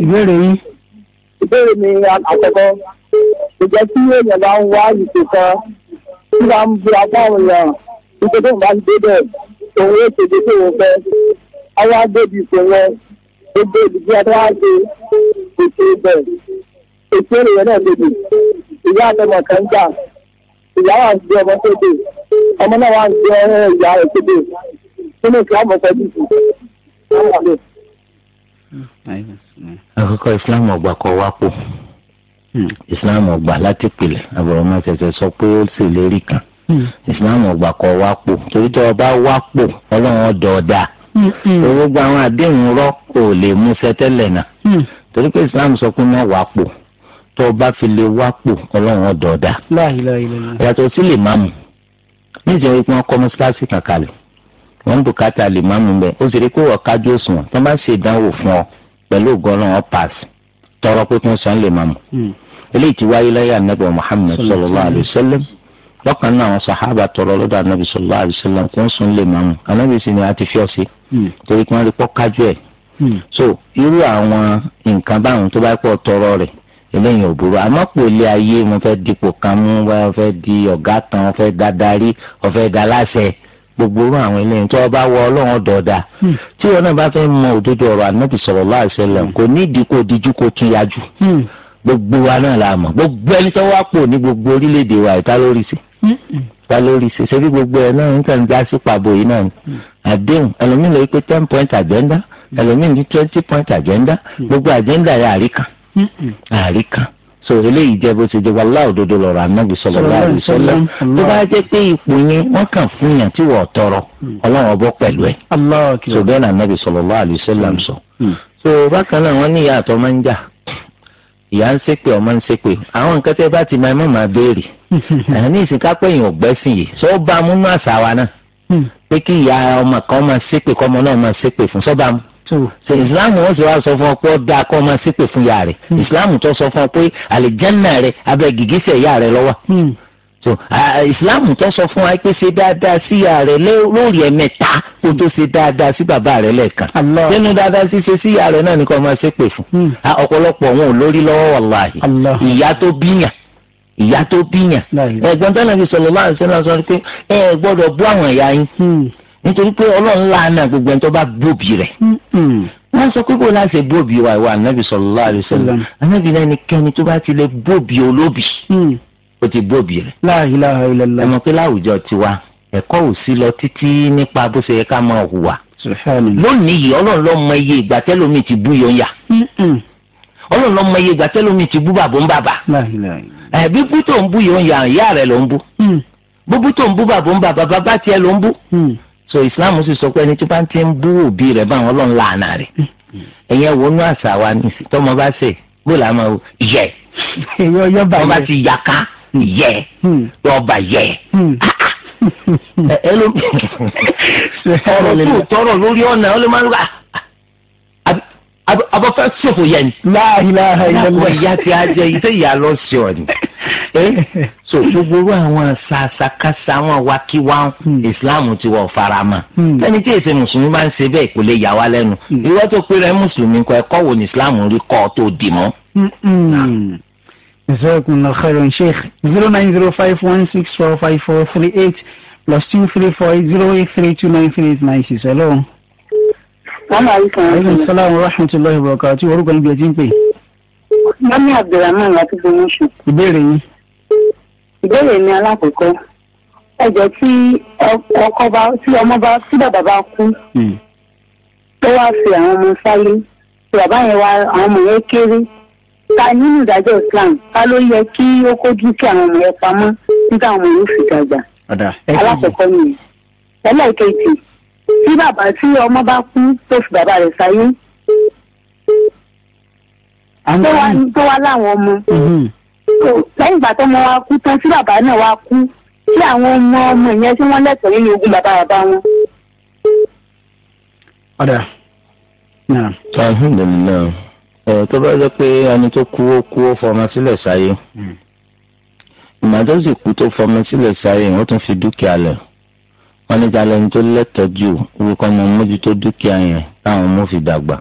ìbéèrè yín. ìbéèrè mi àkọ́kọ́ ìjẹ́ tí èèyàn bá ń wá ìṣe kan tí wọ́n ń bu apá òun yàn nítorí bá ń dé bẹ́ẹ̀ òun yóò ṣe dédé òun fẹ́ ọwọ́ á débi gbogbo ìdíje tó tó tó bẹ́ẹ̀ ètò ènìyàn náà lè dè ìyá àtọmọ kan gbà ìyá wa ń gbé ọmọ tó dè ọmọ náà wà ń gbé ìyá rẹ̀ tó dè nínú ìsìlámù ọ̀fẹ́ dìbò àkọ́kọ́ islam ọgbà kọ wá pò hmm. islam ọgbà láti pìlẹ̀ àbọ̀rọ̀ máa ṣẹ̀ṣẹ̀ sọ pé ó sì lérí kan hmm. islam ọgbà kọ wá pò torí tí ọba wá pò ọlọ́run ọdọ̀ ọ̀dà hmm, gbogbo àwọn àdéhùn rọ́pò lè mú sẹ́tẹ́lẹ̀ náà torí pé islam sọ pé má wàá pò tó o bá fi lè wàá pò ọlọ́run ọ̀dọ̀ọ̀dà. yàtọ̀ sí lè máàmù níjẹ́ pé wọ́n kọ́ mọ́ṣáláṣí kankan lẹ̀ wọ́n ń bùkátà lè máàmù bẹ́ẹ̀ ó sì rí pé ọ̀kájú òṣùwọ̀n tó bá ṣe ìdánwò fún ọ pẹ̀lú ògùn ọlọ́run pass tọrọ pé kí wọ́n sàn lè máàmù. Hmm. eléyìí ti wáyé láyé anabi muhammed sallallahu wa sallam lọ́kàn náà àwọn sàhábà tọrọ wa sallam kó ń sùn lè máàmù anabi sì ni a ti fi ọ sí hmm. torí wọ́n rí Hmm. so irú àwọn nǹkan báwọn tó bá pọ̀ tọrọ rẹ̀ eléyìí ò burú àmọ́ kò lè ayé mo fẹ́ dipò kan mú wá ọ fẹ́ di ọ̀gá kan ọ fẹ́ dadarí ọ fẹ́ daláṣẹ gbogbo irú àwọn eléyìí tí wọ́n bá wọ ọlọ́run ọ̀dọ̀ọ̀dà hmm. tí wọn náà bá fẹ́ mọ òdodo ọ̀rọ̀ ànábì sallallahu alaihi wasallam kò ní ìdí kò díjú kò tún yájú gbogbo wa náà la mọ̀ gbogbo ẹni tó wá pọ̀ ní gbogbo orílẹ̀-èdè wa ìta lórí sí ìta hmm. lórí sí ṣé bí gbogbo ẹ náà ń tẹ̀ ń dá sí pàbò yìí náà ni àdéhùn ẹlòmíràn yìí pé ten point agenda ẹlòmíín ní twenty point agenda hmm. gbogbo agenda yà àríkan àríkan so eléyìí jẹ bó ṣe jẹ wàhálà òdodo lọ̀rọ̀ anábì sallallahu alaihi wasallam tó bá jẹ pé ipò yẹn wọn kàn fún yàn tí wọn tọrọ hmm. Ọlọ́run ọbọ pẹ̀lú ẹ so bẹ́ẹ̀ náà anábì sallallahu alaihi wasallam hmm. sọ so bákan náà wọn ní ìyá àtọ máa ń jà ìyá ń ṣépè ọmọ ń ṣépè àwọn nǹkan tẹ bá ti máa mọ̀ máa béèrè ní ìsìnkápẹ́ yìí ò gbẹ́sìn yìí sọ bá múnú àṣà wa náà pé kí ìyá ọmọ kan máa ṣépè kọ́mọ náà máa ṣépè fún sọ́ba mu so hmm. islam wọn sì wá sọ fún ọ pé ó dáa kó o máa fún ìyá rẹ hmm. islam tó sọ fún ọ pé àlìjánná rẹ abẹ́ gìgísẹ̀ ìyá rẹ ló wà so islam tó sọ fún wa pé ṣe dáadáa sí ìyá rẹ lórí ẹ̀mẹ́ta kó tó ṣe dáadáa sí bàbá rẹ lẹ́ẹ̀kan nínú dáadáa ṣíṣe sí ìyá rẹ náà ni kò máa ṣépè fún hmm. ọ̀pọ̀lọpọ̀ wọn ò lórí lọ́wọ́ wàláhì ìyá tó bíyàn ìyá tó bíyàn ẹ̀gbọ́n tánàbí sọlọ láàrin sẹlẹ sọ pé ẹ gbọ́dọ̀ bú àwọn ìyá yín nítorí pé ọlọ́run lánàá gbogbo ẹni tó bá bóbi rẹ̀ wọ́n sọ pé bó láti ṣe wa ìwà anabi sallallahu alaihi wasallam anabi náà ẹnikẹ́ni tó bá ti lè bóbi olóbi mm. ó ti bóbi rẹ̀. la ilaha illallah. ẹ mọ̀ pé láwùjọ tiwa ẹ̀kọ́ ò sí lọ títí nípa bó ṣe yẹ ká máa hùwà. lónìí yìí ọlọ́run ló mọ iye ìgbà tẹ́lómi ti bú yọ̀ǹyà. ọlọ́run ló mọ iye ìgbà tẹ́lómi ti bú bàbá ń bàbá. ẹ̀bí bú ń bú yọ̀ǹyà ìyá rẹ̀ ló ń bú. Mm. bú tó ń bú bàbá ń bàbá bàbá tiẹ̀ ló ń bú. Mm so islam sì sọ pé ẹni tí bá ti ń bú òbí rẹ̀ báwọn ọlọ́run làánà rẹ̀ ẹ̀yẹn wo inú àṣà wa ni tọ́mọ bá ṣe bó la máa yẹ tọ́mọ bá ti yaka yẹ tọ́ba hmm. yẹ hmm. ah, ah. ọ̀rọ̀ tó tọrọ lórí ọ̀nà ó lè máa ń gbà abọ́fẹ́ yẹn. láàyè láàyè lọ́wọ́ ìyá ti á jẹ iṣẹ́ ìyá lọ́sọ̀ọ́ ni. Eh? so gbogbo àwọn ṣàṣàkàṣà àwọn wakiwa islam ti wọ farama hmm. ẹni tí èsè mùsùlùmí bá ń ṣe bẹ́ẹ̀ kò lè yà wá lẹ́nu hmm. ìwọ́n tó pé rẹ mùsùlùmí kọ ẹ̀kọ́ wo ni islam rí kọ́ tó dì mọ́. ìṣègùn náà kẹrin sheikh zero nine zero five one six four five four three eight plus two three four zero eight three two nine three eight nine six hello. wàhálà ìkànnì. aleykum salaam wa rahmatulahi wa barakatuh orúkọ ibi ẹ ti ń pè é mọ́mí abdulrahman akíndéníṣù. ìbéèrè yín. ìbéèrè mi alákọ̀ọ́kọ́ ẹ̀jẹ̀ tí ọkọ bá tí ọmọ bá tí bàbá bá kú hmm. tó wá fi àwọn ọmọ sáyé tí bàbá yẹn wá àwọn ọmọ yẹn kéré ta nínú ìdájọ́ Islam ta ló yẹ kí ó kó dúkìá àwọn ọmọ yẹn pamọ́ nígbà àwọn ọmọ yẹn fi dàgbà alákọ̀ọ́kọ́ nìyẹn ẹlẹ́ẹ̀kejì tí bàbá tí ọmọ bá kú tó fi bàbá rẹ̀ sáyé tó wá láwọn ọmọ mm-hmm. lẹ́yìn ìgbà tó mọ wa kú tán tí bàbá náà wa kú tí àwọn ọmọ ọmọ yẹn tí wọ́n lẹ́tọ̀ọ́ nínú ogún bàbá bàbá wọn. ọ̀dà náà. alhamdulilayi ẹ tó bá jẹ́ pé ẹni tó kú ó kú ó fọmọ sílẹ̀ sáyé mm. ìmọ̀tòsí kú tó fọmọ sílẹ̀ sáyé wọ́n tún fi dúkìá lẹ̀ wọ́n ní ta lẹni tó lẹ́tọ̀ọ́ orúkọ ọmọ mójútó dúkìá yẹn táwọn ọmọ fi dàgbà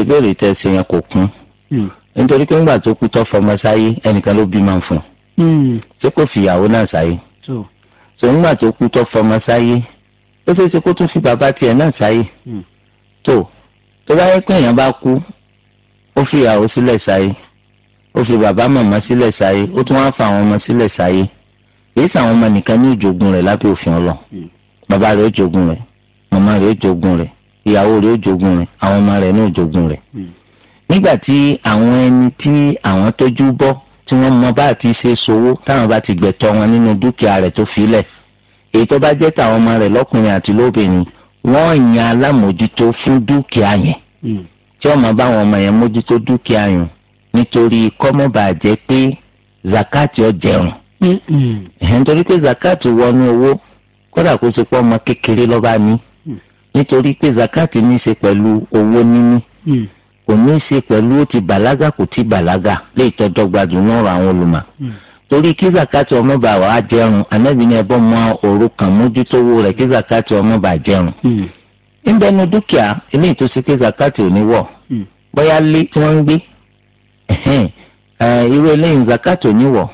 ìbéèrè tẹ̀sí yẹn kò kún Hmm. nítorí pé ńgbà tó kú tó fọmọ sáyé ẹnìkan ló bímọ fún un hmm. ṣé kò fìyàwó náà sáyé tó ńgbà tó kú tó fọmọ sáyé ó ṣeé ṣe kó tún fi bàbá tiẹ̀ náà sáyé tó hmm. tó bá yẹ pé èèyàn bá kú ó fìyàwó sílẹ̀ sáyé ó fi bàbá màmá sílẹ̀ sáyé ó tún wáá fa àwọn ọmọ sílẹ̀ sáyé èyí sàwọn ọmọ nìkan ní ìjogún rẹ̀ lábẹ́ òfin ọlọ bàbá rẹ̀ ó jogún rẹ̀ màmá rẹ̀ ó jogún rẹ̀ ìyàwó nígbà tí àwọn ẹni tí àwọn tójú bọ́ tí wọ́n mọ bá àti ṣe sowó táwọn bá ti gbẹ̀tọ́ wọn nínú dúkìá rẹ̀ tó filẹ̀ èyí tó bá jẹ́ tàwọn ọmọ rẹ̀ lọ́kùnrin àti lóbìnrin wọ́n yan alámòjútó fún dúkìá yẹn hmm. tí ọmọ báwọn ọmọ yẹn mójútó dúkìá yẹn nítorí kọ́mọ́bà jẹ́ pé zakati ọ̀jẹ̀rùn hmm. nítorí pé zakati wọnú owó kódà kó ṣe pọ́ ọmọ kékeré lọ́ba ní hmm. nítorí pé zakati ní í ṣe pẹ̀lú owó níní kò ní í ṣe pẹ̀lú ó ti bàlágà kò ti bàlágà lè tọ́jọ́ gbajù náà rọ àwọn olùmọ̀ hmm. torí kí zakati ọmọ bá wà á jẹun anabi ni ẹbọ mọ òrukàn mójútówó rẹ̀ kí zakati ọmọ bá jẹun nbẹnu hmm. dúkìá eléyìí tó ṣe kí zakati ò ní wọ hmm. bóyá lé tí wọ́n ń gbé irú eléyìí zakati ò ní wọ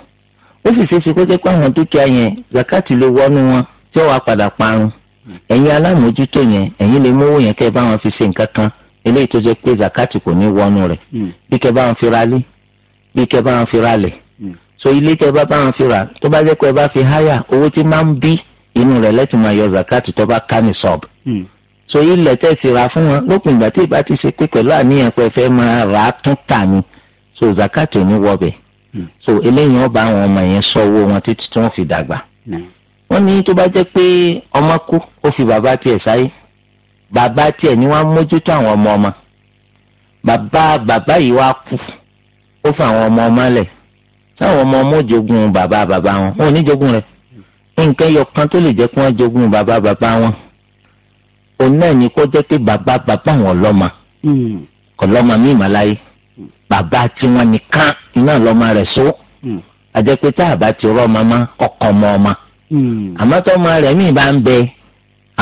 ó sì ṣeé ṣe kó jẹ́ pé àwọn dúkìá yẹn zakati ló wọnú wọn tí ó padà parun ẹ̀yin alámòójútó yẹn ẹ̀yin lè mówó yẹn kẹ́ bá wọn fi ṣe nǹkan kan eléyìí tó jẹ́ pé zakati kò ní wọnú rẹ̀ hmm. bí kẹ́ bá ń fira lé bí kẹ́ bá ń fira lẹ̀ hmm. so ilé tẹ́ bá bá ń fira tó bá jẹ́ pé ẹ bá fi háyà owó tí máa ń bí inú rẹ̀ lẹ́tì máa yọ zakati tó bá ká ní sọ́ọ̀bù hmm. so ilẹ̀ tẹ́ fira fún wọn lópin ìgbà tí ìbá ti ṣe pé pẹ̀lú àníyàn pé fẹ́ máa rà á tún tà ni so zakati ò ní wọ bẹ̀ so eléyìí wọn bá àwọn ọmọ yẹn sọ owó wọn títí tí wọn fi dàgbà wọn ní tó bá jẹ́ pé ọmọ kú ó fi bàbá tiẹ̀ sáyé bàbá tiẹ̀ ni wọ́n mójútó àwọn ọmọ ọmọ bàbá bàbá yìí wá kú ó fa àwọn ọmọ ọmọ lẹ̀ sáwọn ọmọ ọmọ jogun bàbá bàbá wọn wọn ò ní jogun rẹ̀ nǹkan yọ kan tó lè jẹ́ kí wọ́n jogun bàbá bàbá wọn òun náà ní kó jẹ́ pé bàbá bàbá wọn lọ́mọ hmm. kò lọ́mọ mí ìmàláyé hmm. bàbá tiwọn nìkan iná lọ́mọ rẹ̀ só àjẹpẹ́ hmm. tá a bá ti rọ́ ọmọ ọmọ ọkọ̀ ọmọ ọmọ àmọ́ ọmọ rẹ̀ mí ìbá ń bẹ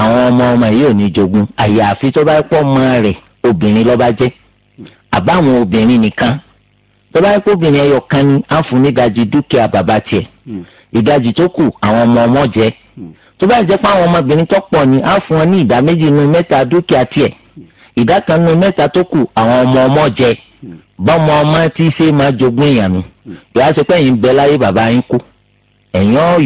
àwọn ọmọ ọmọ yìí ò ní jogún àyàfi tó bá pọ̀ ọmọ rẹ̀ obìnrin ló bá jẹ́ àbáwọn obìnrin nìkan tó bá pọ̀ obìnrin ẹyọ kan ni á fún nídajì dúkìá bàbá tiẹ̀ hmm. ìdajì tó kù àwọn ọmọ ọmọ jẹ́ hmm. tó bá jẹ́ pé àwọn ọmọbìnrin tó pọ̀ ni á fún ọ ní ìdá méjì nínú mẹ́ta dúkìá tiẹ̀ hmm. ìdá kan nínú mẹ́ta tó kù àwọn ọmọ ọmọ jẹ́ bọ́mọ ọmọ tí ṣe máa jogún ìyànnu ìyá sọ pé ẹ̀yin bẹ láyé bàbá yín kú ẹ̀yin ọ̀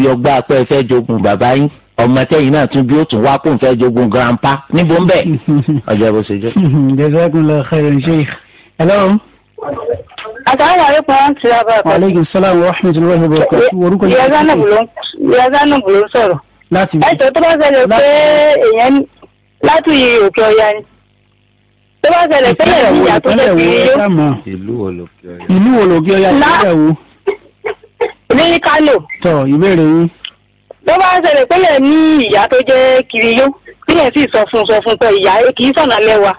ọmọ tẹyin náà tún bí ó tún wá kó n fẹ́ jogun grandpa níbo ń bẹ ọjọ́ bó ṣe jẹ. jazakumullahu khairan sheikh. hello. asalaamualeykum wa rahmatulahi wa barakatu. waaleykum salaam wa rahmatulahi wa barakatu. orúkọ yẹn yazanu bulo ń sọ̀rọ̀. láti bí. ẹ̀sọ́ tó bá ṣẹlẹ̀ pé èèyàn láti yí òkè ọ̀yà ni. tó bá ṣẹlẹ̀ pé èèyàn ní ìyàtọ̀ tó fi yó. ìlú wo lòkè ọ̀yà. ìlú wo lòkè ọ̀yà ní Kánò. tọ ìbéèrè yín ló bá ń ṣẹlẹ̀ pé yẹn ní ìyá tó jẹ́ kiriyó tí yẹn sì sọ fún sọ fún pé ìyá kì í sọ̀nà lẹ́wà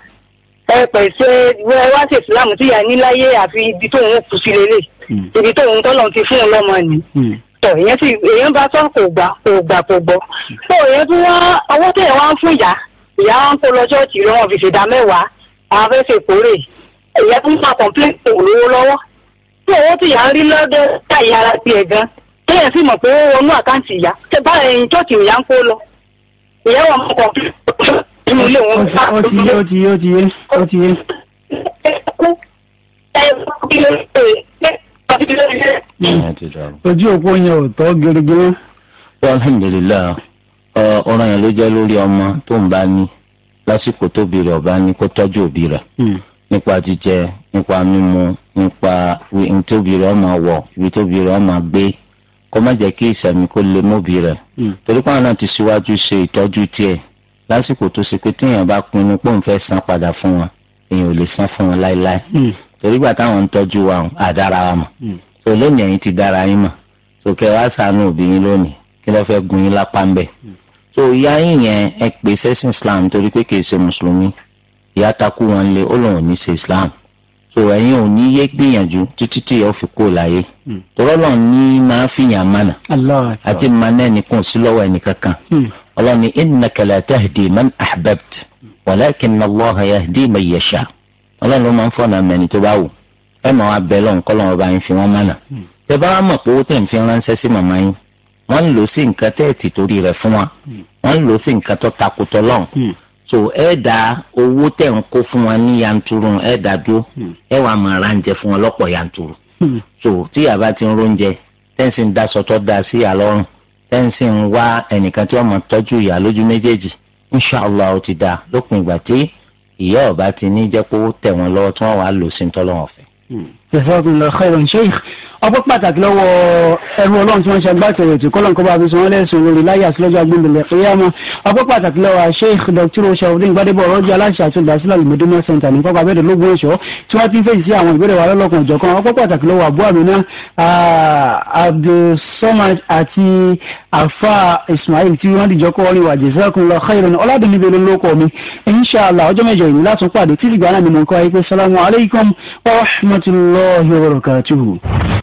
ẹ pẹ̀sẹ̀ ẹ wá sí ìsìlámù tí ìyá ní láyé àfi ibi tóun kù sí lélẹ̀ hmm. ibi tóun tọ́lọ̀ ti fún un lọ́mọ ni hmm. tọ̀ ìyẹn sì èèyàn bá sọ kò gbà kò gbà kò gbọ́ tó ìyẹn tún wá owó tẹ̀ wá ń fún ìyá ìyá wa ń kó lọ ṣọ́ọ̀ṣì rẹ̀ wọ́n fi ṣèdá mẹ́wàá àwọn afẹ́fẹ́ kórè ìyẹn tún máa kọ̀ǹpléǹtì òun lówó lọ́wọ́ tó owó tìyà ń rí lọ́dọ̀ táyà ara tiẹ̀ gan-an téèyàn sì mọ̀ pé ó wọnú àkáǹtì ìyá tẹ bá ẹyin ìyá ń kó lọ ìyá wà mọ́ kàn nínú ilé wọn. ó ti ó ti ọmọ tó ń bá ní lásìkò ọ̀bá ní kó tọ́jú òbí rẹ̀ hmm. nípa jíjẹ ibi rẹ̀ ọmọ kó má jẹ́ kí ìsàmì kó lè móbi rẹ̀ hmm. torí pé àwọn náà ti síwájú ṣe ìtọ́jú tiẹ̀ lásìkò tó ṣe pé téèyàn bá pinnu pé òun fẹ́ san padà fún wọn èèyàn ò lè san fún wọn láéláé hmm. torí gbà táwọn ń tọ́jú wa àdára wa mọ̀ tó hmm. lónìí ẹ̀yin ti dára yín mọ̀ tó kẹ́ wá sànú òbí yín lónìí kí ló fẹ́ gun yín lápá ń bẹ̀ tó ìyá yín yẹn ẹ pè sẹ́sìn Islam torí pé kì í ṣe mùsùlùmí ìyá takú wọn lé ó lòun ò ní ṣe Islam so ẹ̀yin ò ní yé gbìyànjú títí tí ó fi kó láyé hmm. tọ́lọ́ ní máa fìyàn mánà àti mánà ẹnìkan sí lọ́wọ́ ẹnìkankan hmm. ọlọ́run ní innaka la tahdi man ahbabta walakinna Allaha yahdi man yasha ọlọ́run ló máa ń fọ̀nà mẹ́ni tó bá wù ẹ máa wá bẹ́ẹ̀ lọ́nkọ́ lọ́wọ́ bá yín fi wọ́n mánà hmm. tẹ bá wà mọ̀ pé owó tẹ̀ ń fi ránṣẹ́ sí màmá yín wọ́n lò sí nǹkan tẹ́ẹ̀tì torí rẹ̀ fún wa wọ́n lò sí nǹkan tó takùtọ̀ lọ́hùn so ẹ da owó tẹ̀ ń kó fún wọn ní yanturu ẹ dá dúró hmm. ẹ wàá máa ra oúnjẹ fún wọn lọ́pọ̀ yanturu hmm. so tí yàrá ti ń róúnjẹ tẹ́ǹsì ń daṣọ tó da sí àlọ́run tẹ́ǹsì ń wá ẹnìkan tí wọ́n máa tọ́jú ìyá lójú méjèèjì inshàlá ó ti dá lópin ìgbà tí ìyá ọba ti ní jẹ́ pé tẹ̀ wọ́n lọ́wọ́ tí wọ́n wàá lò sí ń tọ́lọ́wọ́n fẹ́ ọpẹ́ pàtàkì lọ́wọ́ ẹrú Ọlọ́run tí wọn ṣe agbátẹrù ètò kọlọn kọba àbí sanwó lẹsùn lórí láyé àtìlọjọ agbóńdòlẹ ìyáàmọ ọpẹ́ pàtàkì lọ́wọ́ Sheikh Dr. oṣàwọdún gbadebo ọrọjì aláṣẹ àti olùdásílẹ̀ olùmọdúnmọ center ní pápá abẹdẹ lógún ọṣọ tí wọn ti ń fèsì sí àwọn ìbéèrè wa lọlọkan ìjọkan ọpẹ́ pàtàkì lọ́wọ́ abu amina abdulsamad àti afa ismail tí wọn dìjọ kọ orin wàjẹ sẹkùn lọ khairan ọládùnní bẹẹ ló kọ mi inshallah ọjọ́ mẹ́jọ yìí láti pàdé títí gbàánà ni mo kọ ayé pé salamu alaykum wa rahmatulahi wa barakatuhu.